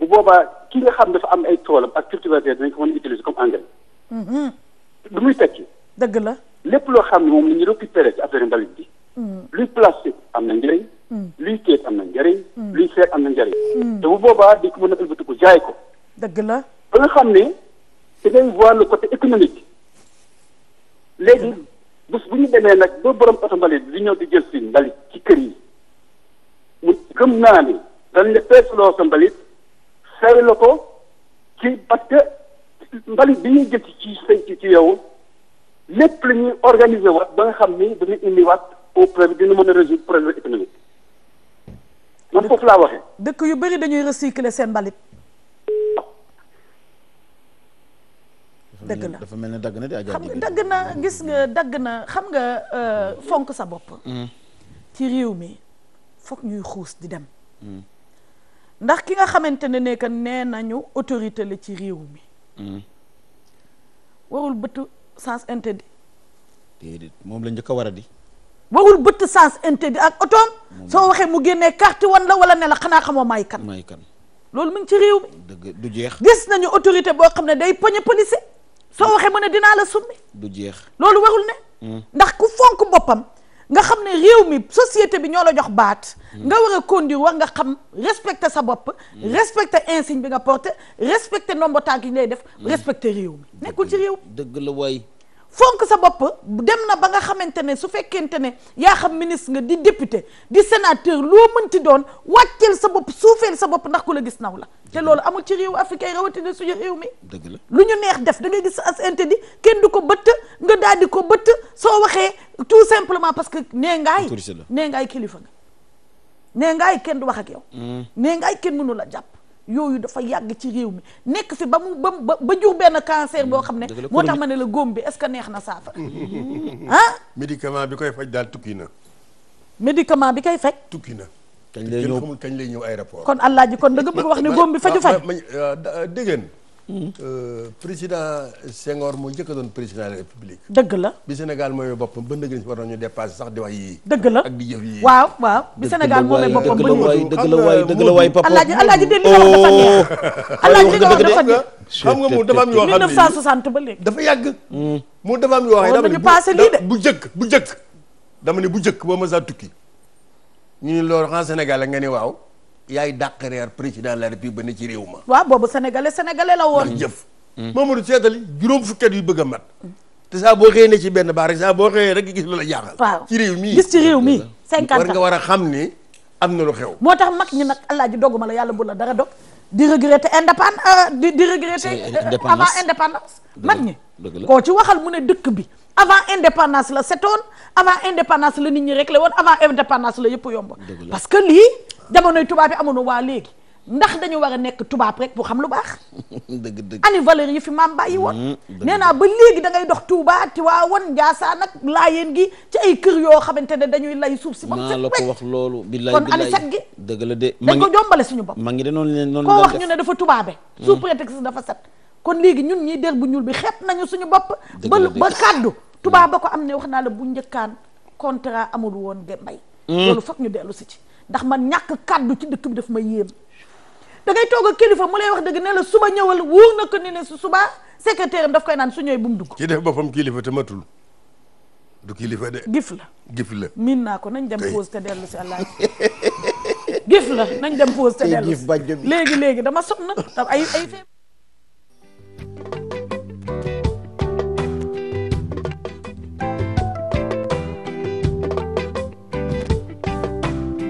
bu boobaa ki nga xam dafa am ay toolam ak cultivateur dinañ ko mën a utiliser comme engrais. lu mhm. muy tekki. dëgg la lépp loo xam ne moom la ñu récupéré ci affaire mbalit bi. Mhm. luy plastique am na njëriñ. Mhm. luy kéet am na njëriñ. luy fer am na njëriñ. te bu boobaa di ko mën a ëlbatiku jaay ko. dëgg la. ba nga xam ni ci ngay voir le côté économique léegi bés bu ñu demee nag ba borom oto mbalit bi di ñëw di jël si mbalit ci kër yi mu gëm naa ni dañ la peesuloo sa mbalit xewe la ko ci parce que mbalit bi ñuy jël ci ci ci yow lépp la ñuy organiser waat ba nga xam ni dañuy indiwaat au problème dina mën a résoudre problème économique man foofu laa waxee. dëkk yu bëri dañuy recycler seen mbalit. dëgg na dafa mel ne dagg na di xam nga dagg na gis nga dagg na xam nga euh, fonk sa bopp. Mm. ci réew mi foog ñuy xuus di dem. Mm. ndax ki nga xamante ne ne que nee nañu autorité la ci réew mi. Mm. warul bëtt sens interdit. déedéet moom la njëkk a war a di. warul bëtt sens interdit ak otoom. soo waxee mu génnee carte wan la wala ne la xanaa xamoo may kan. may kan. loolu mu ci réew mi. dëgg du jeex. gis nañu autorité boo xam ne day poñe policier. soo waxee mu ne dinaa la summi du jeex loolu warul ne hmm. ndax ku fonk boppam nga xam ne réew mi société bi ñoo la jox baat hmm. nga war a conduire war nga xam respecter sa bopp hmm. respecter insigne bi nga porté respecter nombre tànk yi ngay def respecter réew mi nekkul ci réew dëgg la waay fonk sa bopp dem na ba nga xamante ne su fekkente ne yaa xam ministre nga di député di sénateur loo mënti doon wàcceel sa bopp suufeel sa bopp ndax ku la gis naw la te loolu amul ci réew africain rawatina suñu réew mi dëgg la lu ñu neex def da ngay gis as interdit kenn du ko bëtt nga daal di ko bëtt soo waxee tout simplement parce que nee ngaay nee ngaay kilifa nga nee kenn du wax ak yow mm. nee ngaay kenn mënu la jàpp yooyu dafa yàgg ci réew mi nekk si ba mu ba ba jur benn cancer boo xam ne moo tax ma ne la góom bi est-ce que neex na saafara ah médicament bi koy faj daal tukki na médicament bi koy faj tukki na kañ lay ñëw kañ lay ñëw aéroport kon allah ji kon da nga bëgg wax ne góom bi faju faj dégg ngeen Euh, président Senghor moo njëkk doon président de la république. dëgg la bi Sénégal mooy boppam ba nëgën si war sax di dëgg la ak di jëf yii. bi Sénégal moomee boppam ba ñu. dëgg la waay la waay papa. alaaji alaaji de ba dafa yàgg. Oh. mu dafa am yoo xam ne hmm. bu bu jëkk bu jëkk dama ne bu jëkk boo ma saa tukki ñu ne loolu xanaa Sénégal nga ne waaw yaay dàq reer président de la république ba ne ci réew ma. waaw boobu sénégalais sénégalais la woon. ndax jëf. Hmm. Mamadou seetali juróom fukki at yu bëgg a mat. te saa boo xëyee ne ci benn baa rek saa boo xëyee rek gis lu la jaaxal. waaw ci réew mii gis ci réew mii. 50 ans war nga war a xam ni am na lu xew. moo tax mag ñi nag allah ji dogguma la yàlla bu la dara dog di regretter indépend euh, di di regretter. Euh, avant indépendance. mag ñi koo ci waxal mu ne dëkk bi. avant indépendance la setoon avant indépendance la nit ñi réglé woon avant indépendance la yëpp yomb. jamonoy tubaab yi amoon waa léegi ndax dañu war a nekk tubaab rek bu xam lu baax. *laughs* dëgg dëgg ani valeur yi fi maam bàyyi woon. Mm-hmm. nee naa ba léegi da ngay dox Touba Tiwaawan Ndiassane ak Laayeen gi ci ay kër yoo xamante ne dañuy lay suuf si. maa la ko wax loolu billaay billaay kon ani set gi. dëgg la de suñu bopp. maa ngi de noonu leen noonu koo wax ñu ne dafa tubaabe. Mm-hmm. sous prétexte dafa sat kon léegi ñun ñii der bu ñuul bi xeeb nañu suñu bopp. ba ba kàddu. tubaab mm-hmm. ba ko am ne wax naa la bu njëkkaan contrat amul woon de mbay. loolu foog ñu dellu si ci ndax man ñàkk kàddu ci dëkk bi daf ma yéem da ngay toog kilifa mu lay wax dëgg ne la suba ñëwal wóor na ko ni ne su suba secrétaire am daf koy naan su ñëwee bu mu dugg. ci def boppam kilifa tamatul du kilifa de. gif la gif la. miin naa ko nañ dem pause te dellu si allah gif la nañ dem pause te dellu si léegi léegi dama na sonn ay ay.